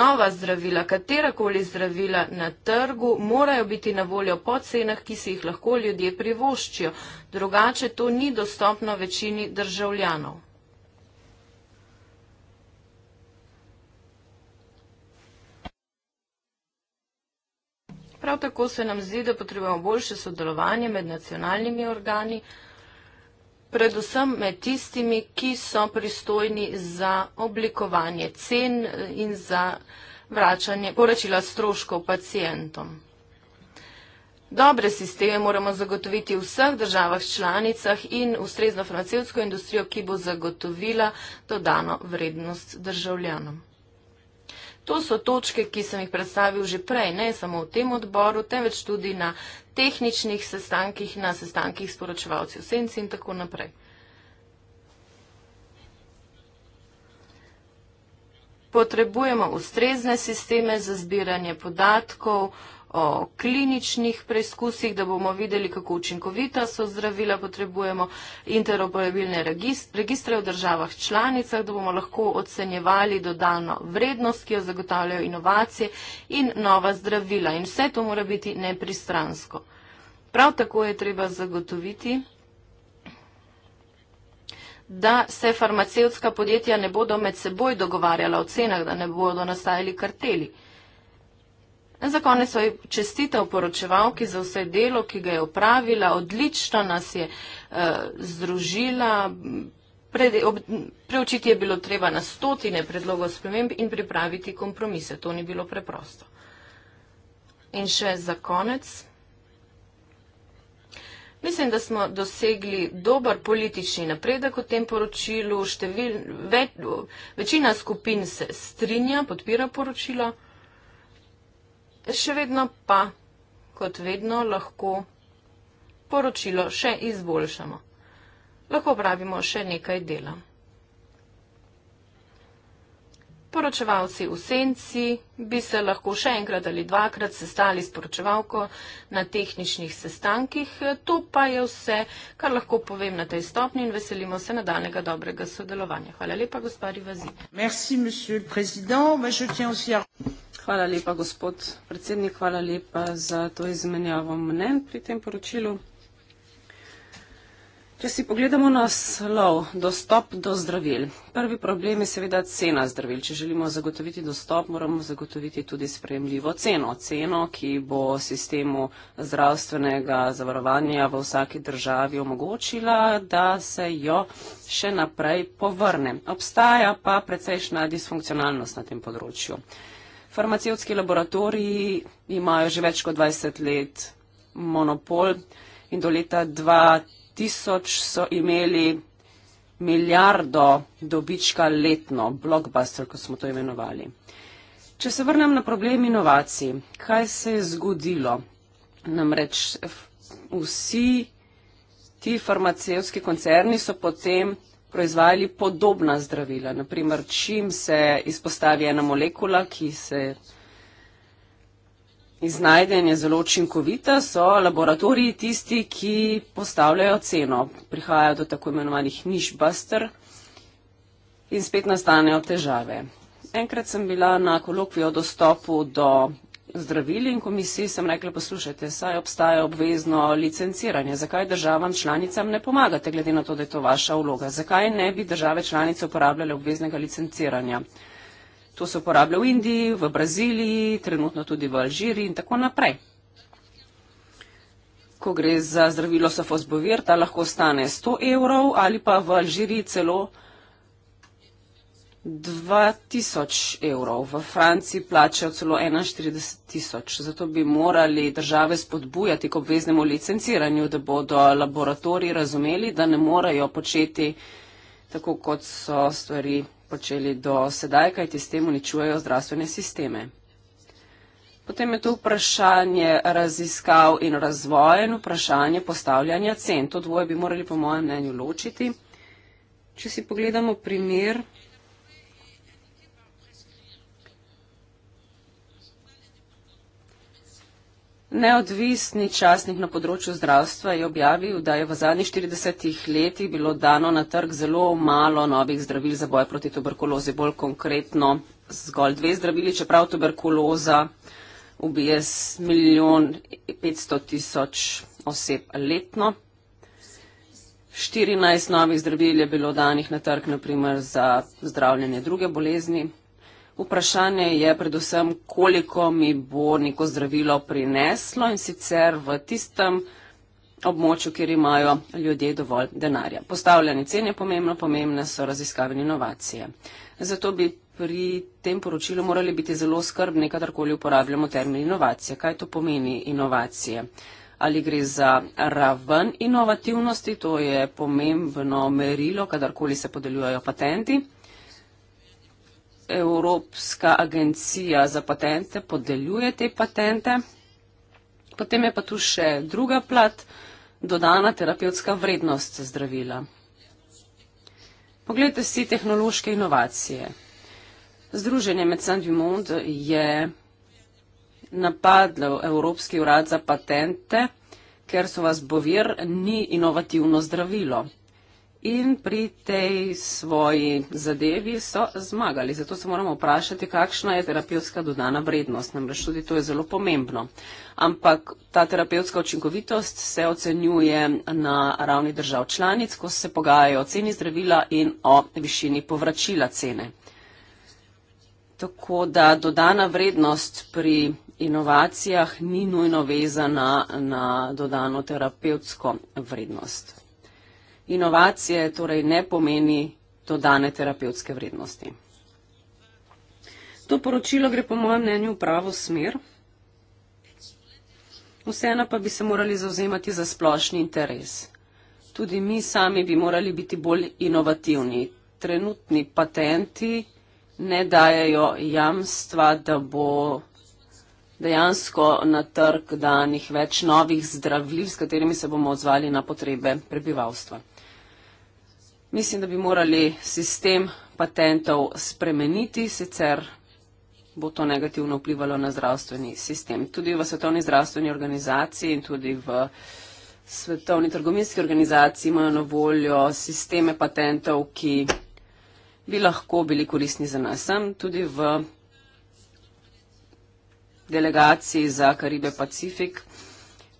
nova zdravila, katerakoli zdravila na trgu, morajo biti na voljo po cenah, ki si jih lahko ljudje privoščijo. Drugače to ni dostopno večini državljanov. Prav tako se nam zdi, da potrebujemo boljše sodelovanje med nacionalnimi organi, predvsem med tistimi, ki so pristojni za oblikovanje cen in za vračanje poračila stroškov pacijentom. Dobre sisteme moramo zagotoviti v vseh državah članicah in ustrezno farmacevsko industrijo, ki bo zagotovila dodano vrednost državljanom. To so točke, ki sem jih predstavil že prej, ne samo v tem odboru, temveč tudi na tehničnih sestankih, na sestankih s poročevalci v senci in tako naprej. Potrebujemo ustrezne sisteme za zbiranje podatkov, o kliničnih preizkusih, da bomo videli, kako učinkovita so zdravila, potrebujemo interoperabilne registre v državah članicah, da bomo lahko ocenjevali dodano vrednost, ki jo zagotavljajo inovacije in nova zdravila. In vse to mora biti nepristransko. Prav tako je treba zagotoviti da se farmacevtska podjetja ne bodo med seboj dogovarjala o cenah, da ne bodo nastajali karteli. Za konec svoj čestitev poročevalki za vse delo, ki ga je upravila, odlično nas je uh, združila. Pred, ob, preučiti je bilo treba na stotine predlogov sprememb in pripraviti kompromise. To ni bilo preprosto. In še za konec. Mislim, da smo dosegli dober politični napredek v tem poročilu. Števil, ve, večina skupin se strinja, podpira poročilo še vedno pa, kot vedno, lahko poročilo še izboljšamo. Lahko pravimo še nekaj dela. Poročevalci v senci bi se lahko še enkrat ali dvakrat sestali s poročevalko na tehničnih sestankih. To pa je vse, kar lahko povem na tej stopni in veselimo se nadaljnega dobrega sodelovanja. Hvala lepa, gospodi Vazi. Merci, Hvala lepa, gospod predsednik, hvala lepa za to izmenjavo mnen pri tem poročilu. Če si pogledamo na slov dostop do zdravil, prvi problem je seveda cena zdravil. Če želimo zagotoviti dostop, moramo zagotoviti tudi sprejemljivo ceno. Ceno, ki bo sistemu zdravstvenega zavarovanja v vsaki državi omogočila, da se jo še naprej povrne. Obstaja pa precejšna disfunkcionalnost na tem področju. Uh, Farmacevtski laboratoriji imajo že več kot 20 let monopol in do leta 2000 so imeli milijardo dobička letno, blockbuster, kot smo to imenovali. Če se vrnem na problem inovacij, kaj se je zgodilo? Namreč vsi ti farmacevski koncerni so potem proizvajali podobna zdravila. Naprimer, čim se izpostavi ena molekula, ki se iznajde in je zelo učinkovita, so laboratoriji tisti, ki postavljajo ceno. Prihajajo do tako imenovanih nišbuster in spet nastanejo težave. Enkrat sem bila na kolokviju o dostopu do zdravili in komisiji sem rekla, poslušajte, saj obstaja obvezno licenciranje. Zakaj državam članicam ne pomagate, glede na to, da je to vaša vloga? Zakaj ne bi države članice uporabljale obveznega licenciranja? To se uporablja v Indiji, v Braziliji, trenutno tudi v Alžiriji in tako naprej. Ko gre za zdravilo Sofosbovir, ta lahko stane 100 evrov ali pa v Alžiriji celo 2000 evrov, v Franciji plačajo celo 41 tisoč. Zato bi morali države spodbujati k obveznemu licenciranju, da bodo laboratoriji razumeli, da ne morejo početi tako, kot so stvari počeli do sedaj, kajti s tem uničujejo zdravstvene sisteme. Potem je tu vprašanje raziskav in razvoja in vprašanje postavljanja cen. To dvoje bi morali po mojem mnenju ločiti. Če si pogledamo primer, Neodvisni časnik na področju zdravstva je objavil, da je v zadnjih 40 letih bilo dano na trg zelo malo novih zdravil za boj proti tuberkulozi, bolj konkretno zgolj dve zdravili, čeprav tuberkuloza ubije s milijon 500 tisoč oseb letno. 14 novih zdravil je bilo danih na trg, naprimer za zdravljenje druge bolezni. Vprašanje je predvsem, koliko mi bo neko zdravilo prineslo in sicer v tistem območju, kjer imajo ljudje dovolj denarja. Postavljanje cen je pomembno, pomembne so raziskave in inovacije. Zato bi pri tem poročilu morali biti zelo skrbni, kadarkoli uporabljamo termin inovacije. Kaj to pomeni inovacije? Ali gre za raven inovativnosti, to je pomembno merilo, kadarkoli se podeljujejo patenti. Evropska agencija za patente podeljuje te patente. Potem je pa tu še druga plat, dodana terapevtska vrednost zdravila. Poglejte si tehnološke inovacije. Združenje med Saint Dumont je napadlo Evropski urad za patente, ker so vas bovir ni inovativno zdravilo in pri tej svoji zadevi so zmagali. Zato se moramo vprašati, kakšna je terapevtska dodana vrednost. Namreč tudi to je zelo pomembno. Ampak ta terapevtska učinkovitost se ocenjuje na ravni držav članic, ko se pogajajo o ceni zdravila in o višini povračila cene. Tako da dodana vrednost pri inovacijah ni nujno vezana na dodano terapevtsko vrednost inovacije torej ne pomeni dodane terapevtske vrednosti. To poročilo gre po mojem mnenju v pravo smer. Vseeno pa bi se morali zauzemati za splošni interes. Tudi mi sami bi morali biti bolj inovativni. Trenutni patenti ne dajajo jamstva, da bo dejansko na trg danih več novih zdravil, s katerimi se bomo odzvali na potrebe prebivalstva. Mislim, da bi morali sistem patentov spremeniti, sicer bo to negativno vplivalo na zdravstveni sistem. Tudi v Svetovni zdravstveni organizaciji in tudi v Svetovni trgovinski organizaciji imajo na voljo sisteme patentov, ki bi lahko bili korisni za nas. Sem tudi v delegaciji za Karibe Pacifik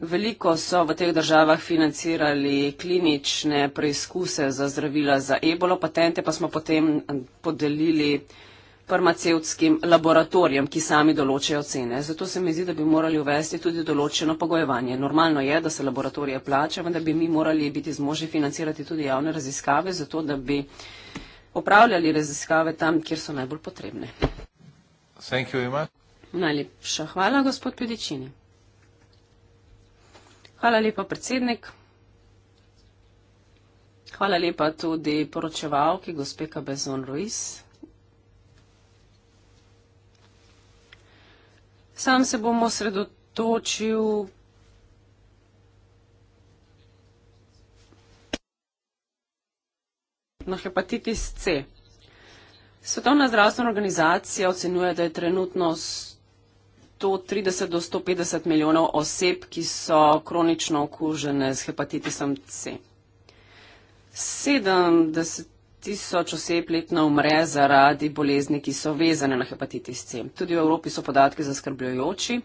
Veliko so v teh državah financirali klinične preizkuse za zdravila za ebolo, patente pa smo potem eh, podelili farmacevtskim laboratorijem, ki sami določajo cene. Zato se mi zdi, da bi morali uvesti tudi določeno pogojevanje. Normalno je, da se laboratorije plača, vendar bi mi morali biti zmožni financirati tudi javne raziskave, zato da bi opravljali raziskave tam, kjer so najbolj potrebne. Najlepša hvala, gospod Pedičini. Hvala lepa, predsednik. Hvala lepa tudi poročevalki, gospe Kabezon Ruiz. Sam se bom osredotočil na hepatitis C. Svetovna zdravstvena organizacija ocenjuje, da je trenutno 130 do 150 milijonov oseb, ki so kronično okužene z hepatitisom C. 70 tisoč oseb letno umre zaradi bolezni, ki so vezane na hepatitis C. Tudi v Evropi so podatki zaskrbljujoči.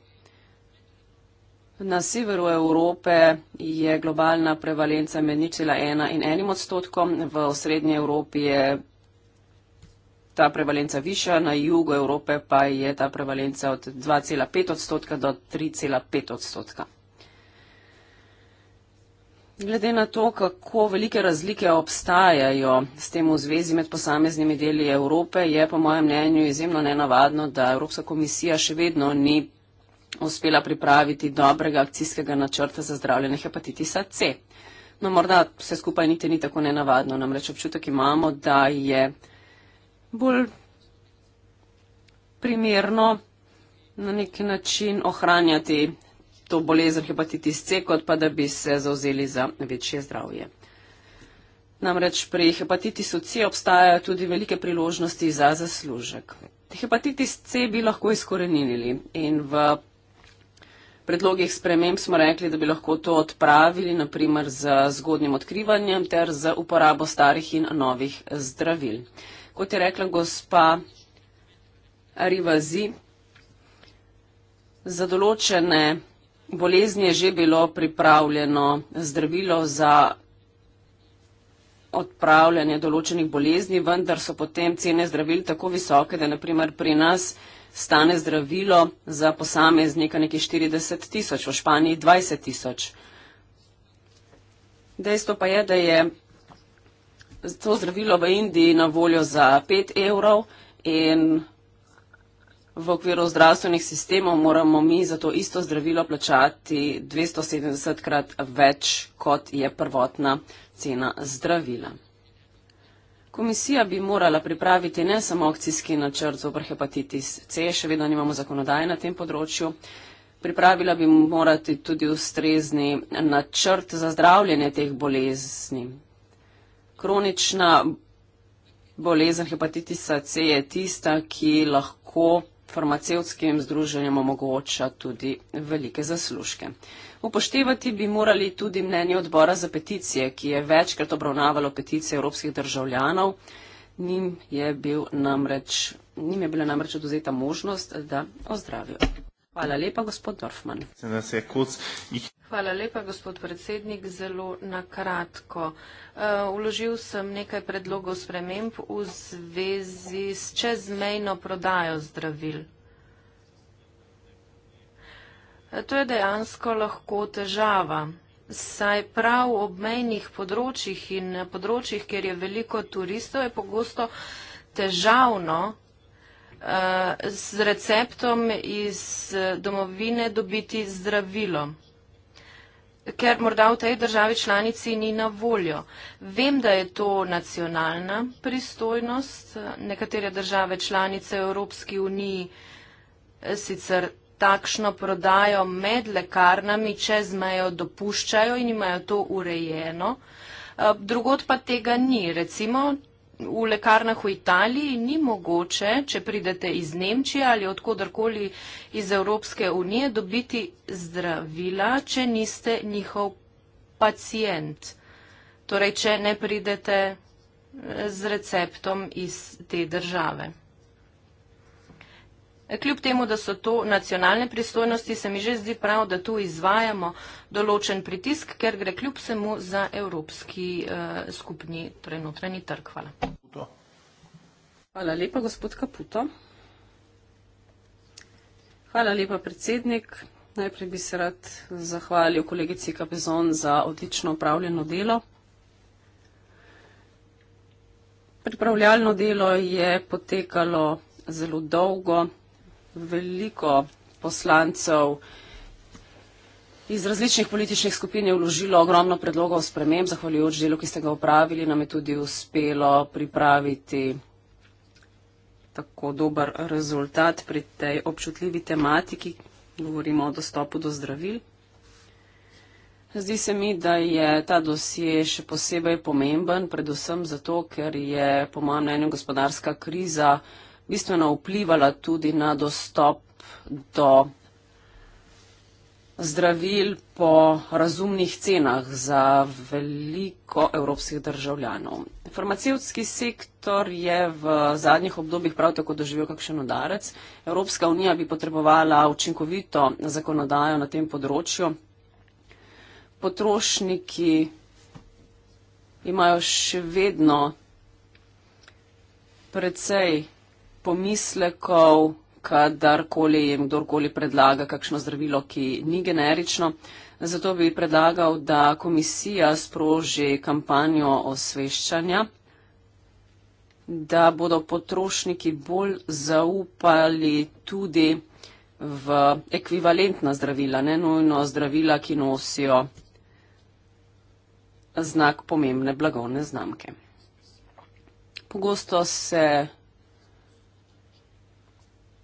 Na severu Evrope je globalna prevalenca med 0,1 in 1 odstotkom, v srednji Evropi je ta prevalenca višja, na jugu Evrope pa je ta prevalenca od 2,5 odstotka do 3,5 odstotka. Glede na to, kako velike razlike obstajajo s tem v zvezi med posameznimi deli Evrope, je po mojem mnenju izjemno nenavadno, da Evropska komisija še vedno ni uspela pripraviti dobrega akcijskega načrta za zdravljenje hepatitisa C. No, morda vse skupaj niti ni tako nenavadno, namreč občutek imamo, da je bolj primerno na neki način ohranjati to bolezen hepatitis C, kot pa da bi se zauzeli za večje zdravje. Namreč pri hepatitisu C obstajajo tudi velike priložnosti za zaslužek. Hepatitis C bi lahko izkorenili in v predlogih sprememb smo rekli, da bi lahko to odpravili, naprimer z zgodnim odkrivanjem ter z uporabo starih in novih zdravil kot je rekla gospa Rivazi, za določene bolezni je že bilo pripravljeno zdravilo za odpravljanje določenih bolezni, vendar so potem cene zdravil tako visoke, da naprimer pri nas stane zdravilo za posameznika nekaj 40 tisoč, v Španiji 20 tisoč. Dejstvo pa je, da je to zdravilo v Indiji na voljo za 5 evrov in v okviru zdravstvenih sistemov moramo mi za to isto zdravilo plačati 270 krat več, kot je prvotna cena zdravila. Komisija bi morala pripraviti ne samo akcijski načrt zopr hepatitis C, še vedno nimamo zakonodaje na tem področju, pripravila bi morati tudi ustrezni načrt za zdravljenje teh bolezni, kronična bolezen hepatitisa C je tista, ki lahko farmacevskim združenjem omogoča tudi velike zaslužke. Upoštevati bi morali tudi mnenje odbora za peticije, ki je večkrat obravnavalo peticije evropskih državljanov. Njim je, bil namreč, njim je bila namreč oduzeta možnost, da ozdravijo Hvala lepa, gospod Dorfman. Hvala lepa, gospod predsednik. Zelo nakratko. Uložil uh, sem nekaj predlogov sprememb v zvezi s čezmejno prodajo zdravil. To je dejansko lahko težava. Saj prav ob mejnih področjih in področjih, kjer je veliko turistov, je pogosto težavno Eh, z receptom iz eh, domovine dobiti zdravilo, ker morda v tej državi članici ni na voljo. Vem, da je to nacionalna pristojnost. Nekatere države članice Evropski uniji eh, sicer takšno prodajo med lekarnami, če zmejo dopuščajo in imajo to urejeno. Drugod pa tega ni. Recimo, v lekarnah v Italiji ni mogoče, če pridete iz Nemčije ali odkudarkoli iz Evropske unije, dobiti zdravila, če niste njihov pacijent. Torej, če ne pridete eh, z receptom iz te države. Kljub temu, da so to nacionalne pristojnosti, se mi že zdi prav, da tu izvajamo določen pritisk, ker gre kljub vsemu za evropski eh, skupni torej trenutni trg. Hvala. Hvala lepa, gospod Kaputo. Hvala lepa, predsednik. Najprej bi se rad zahvalil kolegici Kapezon za odlično upravljeno delo. Pripravljalno delo je potekalo zelo dolgo veliko poslancev iz različnih političnih skupin je vložilo ogromno predlogov sprememb, zahvaljujoč delu, ki ste ga upravili, nam je tudi uspelo pripraviti tako dober rezultat pri tej občutljivi tematiki, govorimo o dostopu do zdravil. Zdi se mi, da je ta dosje še posebej pomemben, predvsem zato, ker je po mojem mnenju gospodarska kriza bistveno vplivala tudi na dostop do zdravil po razumnih cenah za veliko evropskih državljanov. Farmacevtski sektor je v zadnjih obdobjih prav tako doživel kakšen udarec. Evropska unija bi potrebovala učinkovito zakonodajo na tem področju. Potrošniki imajo še vedno precej pomislekov, kadarkoli jim kdorkoli predlaga kakšno zdravilo, ki ni generično. Zato bi predlagal, da komisija sproži kampanjo osveščanja, da bodo potrošniki bolj zaupali tudi v ekvivalentna zdravila, ne nujno zdravila, ki nosijo znak pomembne blagovne znamke. Pogosto se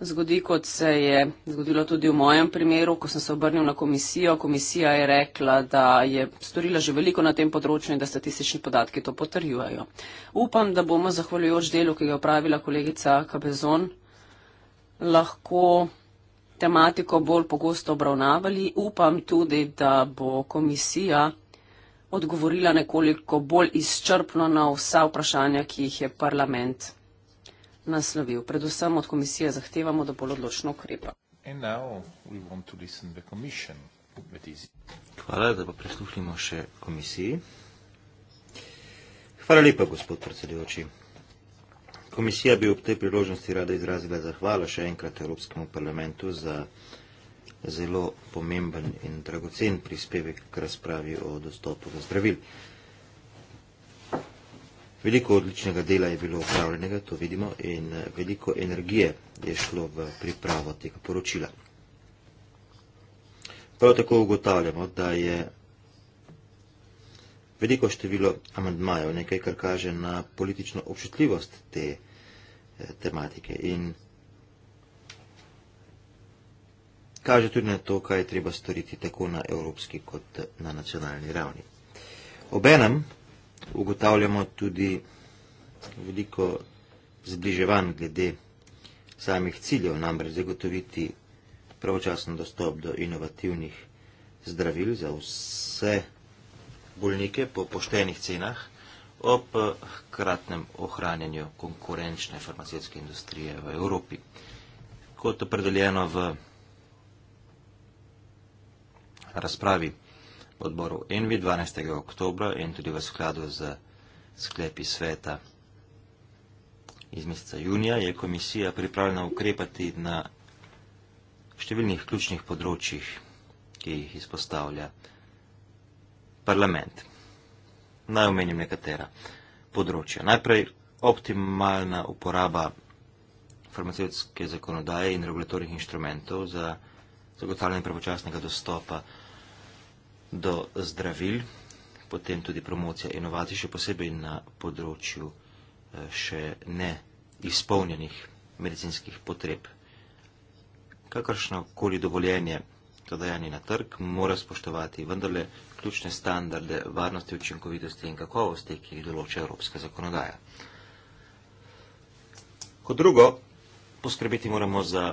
zgodi, kot se je zgodilo tudi v mojem primeru, ko sem se obrnil na komisijo. Komisija je rekla, da je storila že veliko na tem področju in da statistični podatki to potrjujejo. Upam, da bomo zahvaljujoč delu, ki ga je opravila kolegica Kabezon, lahko tematiko bolj pogosto obravnavali. Upam tudi, da bo komisija odgovorila nekoliko bolj izčrpno na vsa vprašanja, ki jih je parlament naslovil. Predvsem od komisije zahtevamo, da bolj odločno ukrepa. Hvala, da pa prisluhnimo še komisiji. Hvala lepa, gospod predsedujoči. Komisija bi ob tej priložnosti rada izrazila zahvalo še enkrat Evropskemu parlamentu za zelo pomemben in dragocen prispevek k razpravi o dostopu do zdravil. Veliko odličnega dela je bilo upravljenega, to vidimo, in eh, veliko energije je šlo v pripravo tega poročila. Prav tako ugotavljamo, da je veliko število amandmajev, nekaj, kar kaže na politično občutljivost te eh, tematike in kaže tudi na to, kaj je treba storiti tako na evropski kot eh, na nacionalni ravni. Obenem, ugotavljamo tudi veliko zbliževanj glede samih ciljev, namreč zagotoviti pravočasen dostop do inovativnih zdravil za vse bolnike po poštenih cenah, ob hkratnem ohranjanju konkurenčne farmacijske industrije v Evropi. Kot opredeljeno v razpravi, odboru Envi 12. oktobra in tudi v skladu z sklepi sveta iz meseca junija je komisija pripravljena ukrepati na številnih ključnih področjih, ki jih izpostavlja parlament. Naj omenim nekatera področja. Najprej optimalna uporaba farmacijske zakonodaje in regulatornih inštrumentov za zagotavljanje prepočasnega dostopa do zdravil, potem tudi promocija inovacij, še posebej na področju eh, še ne izpolnjenih medicinskih potreb. Kakršno koli dovoljenje to dajanje na trg mora spoštovati vendarle ključne standarde varnosti, učinkovitosti in kakovosti, ki jih določa evropska zakonodaja. Kot drugo, poskrbeti moramo za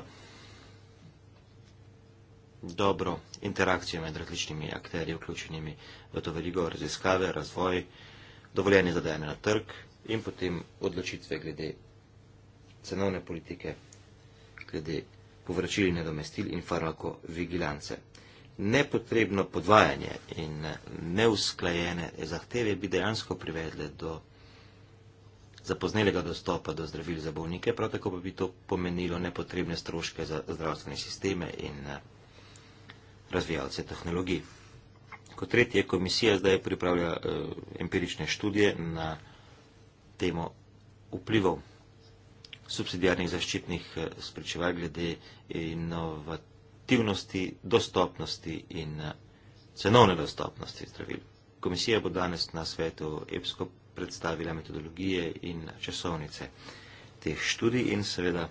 dobro interakcijo med različnimi akterji, vključenimi v to veliko raziskave, razvoj, dovoljenje za dajanje na trg in potem odločitve glede cenovne politike, glede povračili nadomestil in farmakovigilance. Nepotrebno podvajanje in neusklajene zahteve bi dejansko privedle do zapoznelega dostopa do zdravil za bolnike, prav tako pa bi to pomenilo nepotrebne stroške za zdravstvene sisteme in razvijalce tehnologij. Kot tretje, komisija zdaj pripravlja eh, empirične študije na temo vplivov subsidijarnih zaščitnih eh, spričevaj glede inovativnosti, dostopnosti in eh, cenovne dostopnosti zdravil. Komisija bo danes na svetu EPSCO predstavila metodologije in časovnice teh študij in seveda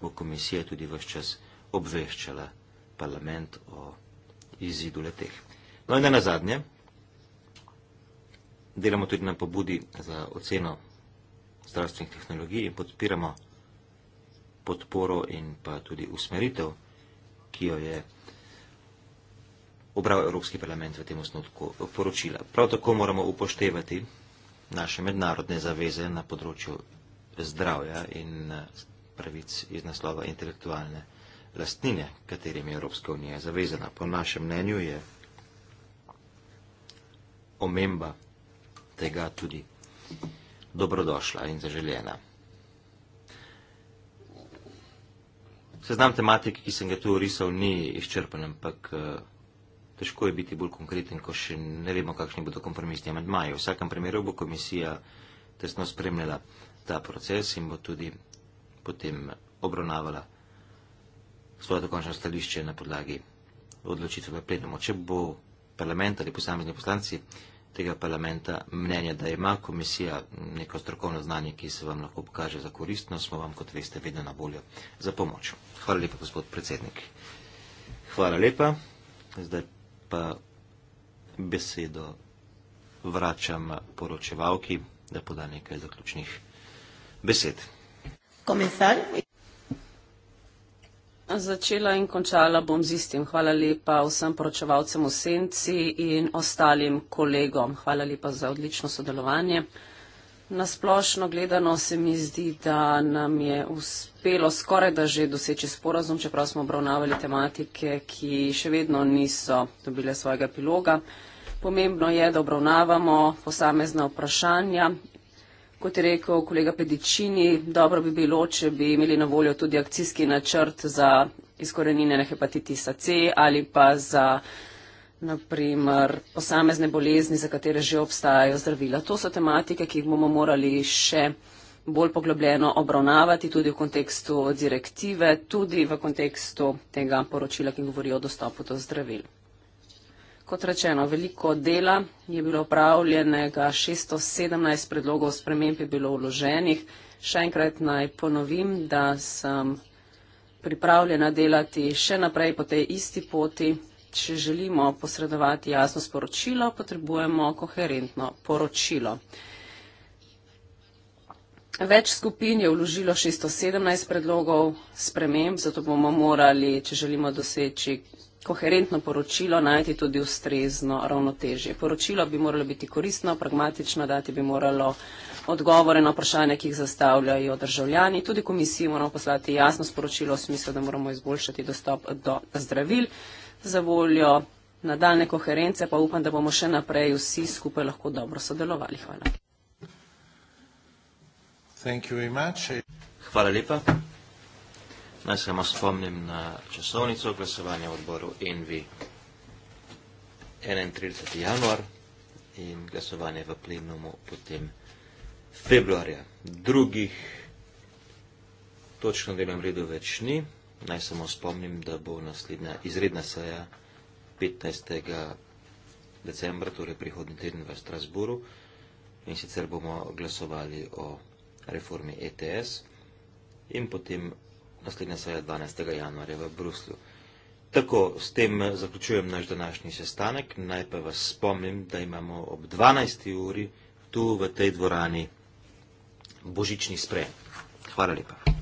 bo komisija tudi vse čas obveščala parlament o izidu leteh. No in da na zadnje, delamo tudi na pobudi za oceno zdravstvenih tehnologij in podpiramo podporo in pa tudi usmeritev, ki jo je obral Evropski parlament v tem osnutku poročila. Prav tako moramo upoštevati naše mednarodne zaveze na področju zdravja in pravic iz naslova intelektualne lastnine, katerim je Evropska unija zavezana. Po našem mnenju je omemba tega tudi dobrodošla in zaželjena. Seznam tematik, ki sem ga tu risal, ni izčrpen, ampak eh, težko je biti bolj konkreten, ko še ne vemo, kakšni bodo kompromisni amandmaji. V vsakem primeru bo komisija tesno spremljala ta proces in bo tudi potem obravnavala svoje dokončno stališče na podlagi odločitve na plenumu. Če bo parlament ali posamezni poslanci tega parlamenta mnenja, da ima komisija neko strokovno znanje, ki se vam lahko pokaže za koristno, smo vam, kot veste, vedno na voljo za pomoč. Hvala lepa, gospod predsednik. Hvala lepa. Zdaj pa besedo vračam poročevalki, da poda nekaj zaključnih besed. Comenzar. Začela in končala bom z istim. Hvala lepa vsem poročevalcem v senci in ostalim kolegom. Hvala lepa za odlično sodelovanje. Nasplošno gledano se mi zdi, da nam je uspelo skoraj da že doseči sporazum, čeprav smo obravnavali tematike, ki še vedno niso dobile svojega epiloga. Pomembno je, da obravnavamo posamezna vprašanja Kot je rekel kolega Pedičini, dobro bi bilo, če bi imeli na voljo tudi akcijski načrt za izkoreninjenje hepatitisa C ali pa za naprimer posamezne bolezni, za katere že obstajajo zdravila. To so tematike, ki jih bomo morali še bolj poglobljeno obravnavati tudi v kontekstu direktive, tudi v kontekstu tega poročila, ki govori o dostopu do zdravil. Kot rečeno, veliko dela je bilo upravljenega, 617 predlogov sprememb je bilo vloženih. Še enkrat naj ponovim, da sem pripravljena delati še naprej po tej isti poti. Če želimo posredovati jasno sporočilo, potrebujemo koherentno poročilo. Več skupin je vložilo 617 predlogov sprememb, zato bomo morali, če želimo doseči koherentno poročilo najti tudi ustrezno ravnotežje. Poročilo bi moralo biti koristno, pragmatično, dati bi moralo odgovore na vprašanja, ki jih zastavljajo državljani. Tudi komisiji moramo poslati jasno sporočilo v smislu, da moramo izboljšati dostop do zdravil za voljo nadaljne koherence, pa upam, da bomo še naprej vsi skupaj lahko dobro sodelovali. Hvala. Hvala lepa. Naj samo spomnim na časovnico glasovanja v odboru ENVI 31. januar in glasovanje v plenumu potem februarja. Drugih točno delam redu več ni. Naj samo spomnim, da bo naslednja izredna seja 15. decembra, torej prihodni teden v Strasburu, in sicer bomo glasovali o reformi ETS in potem naslednja seja 12. januarja v Bruslju. Tako, s tem eh, zaključujem naš današnji sestanek. Najprej vas spomnim, da imamo ob 12. uri tu v tej dvorani božični sprejem. Hvala lepa.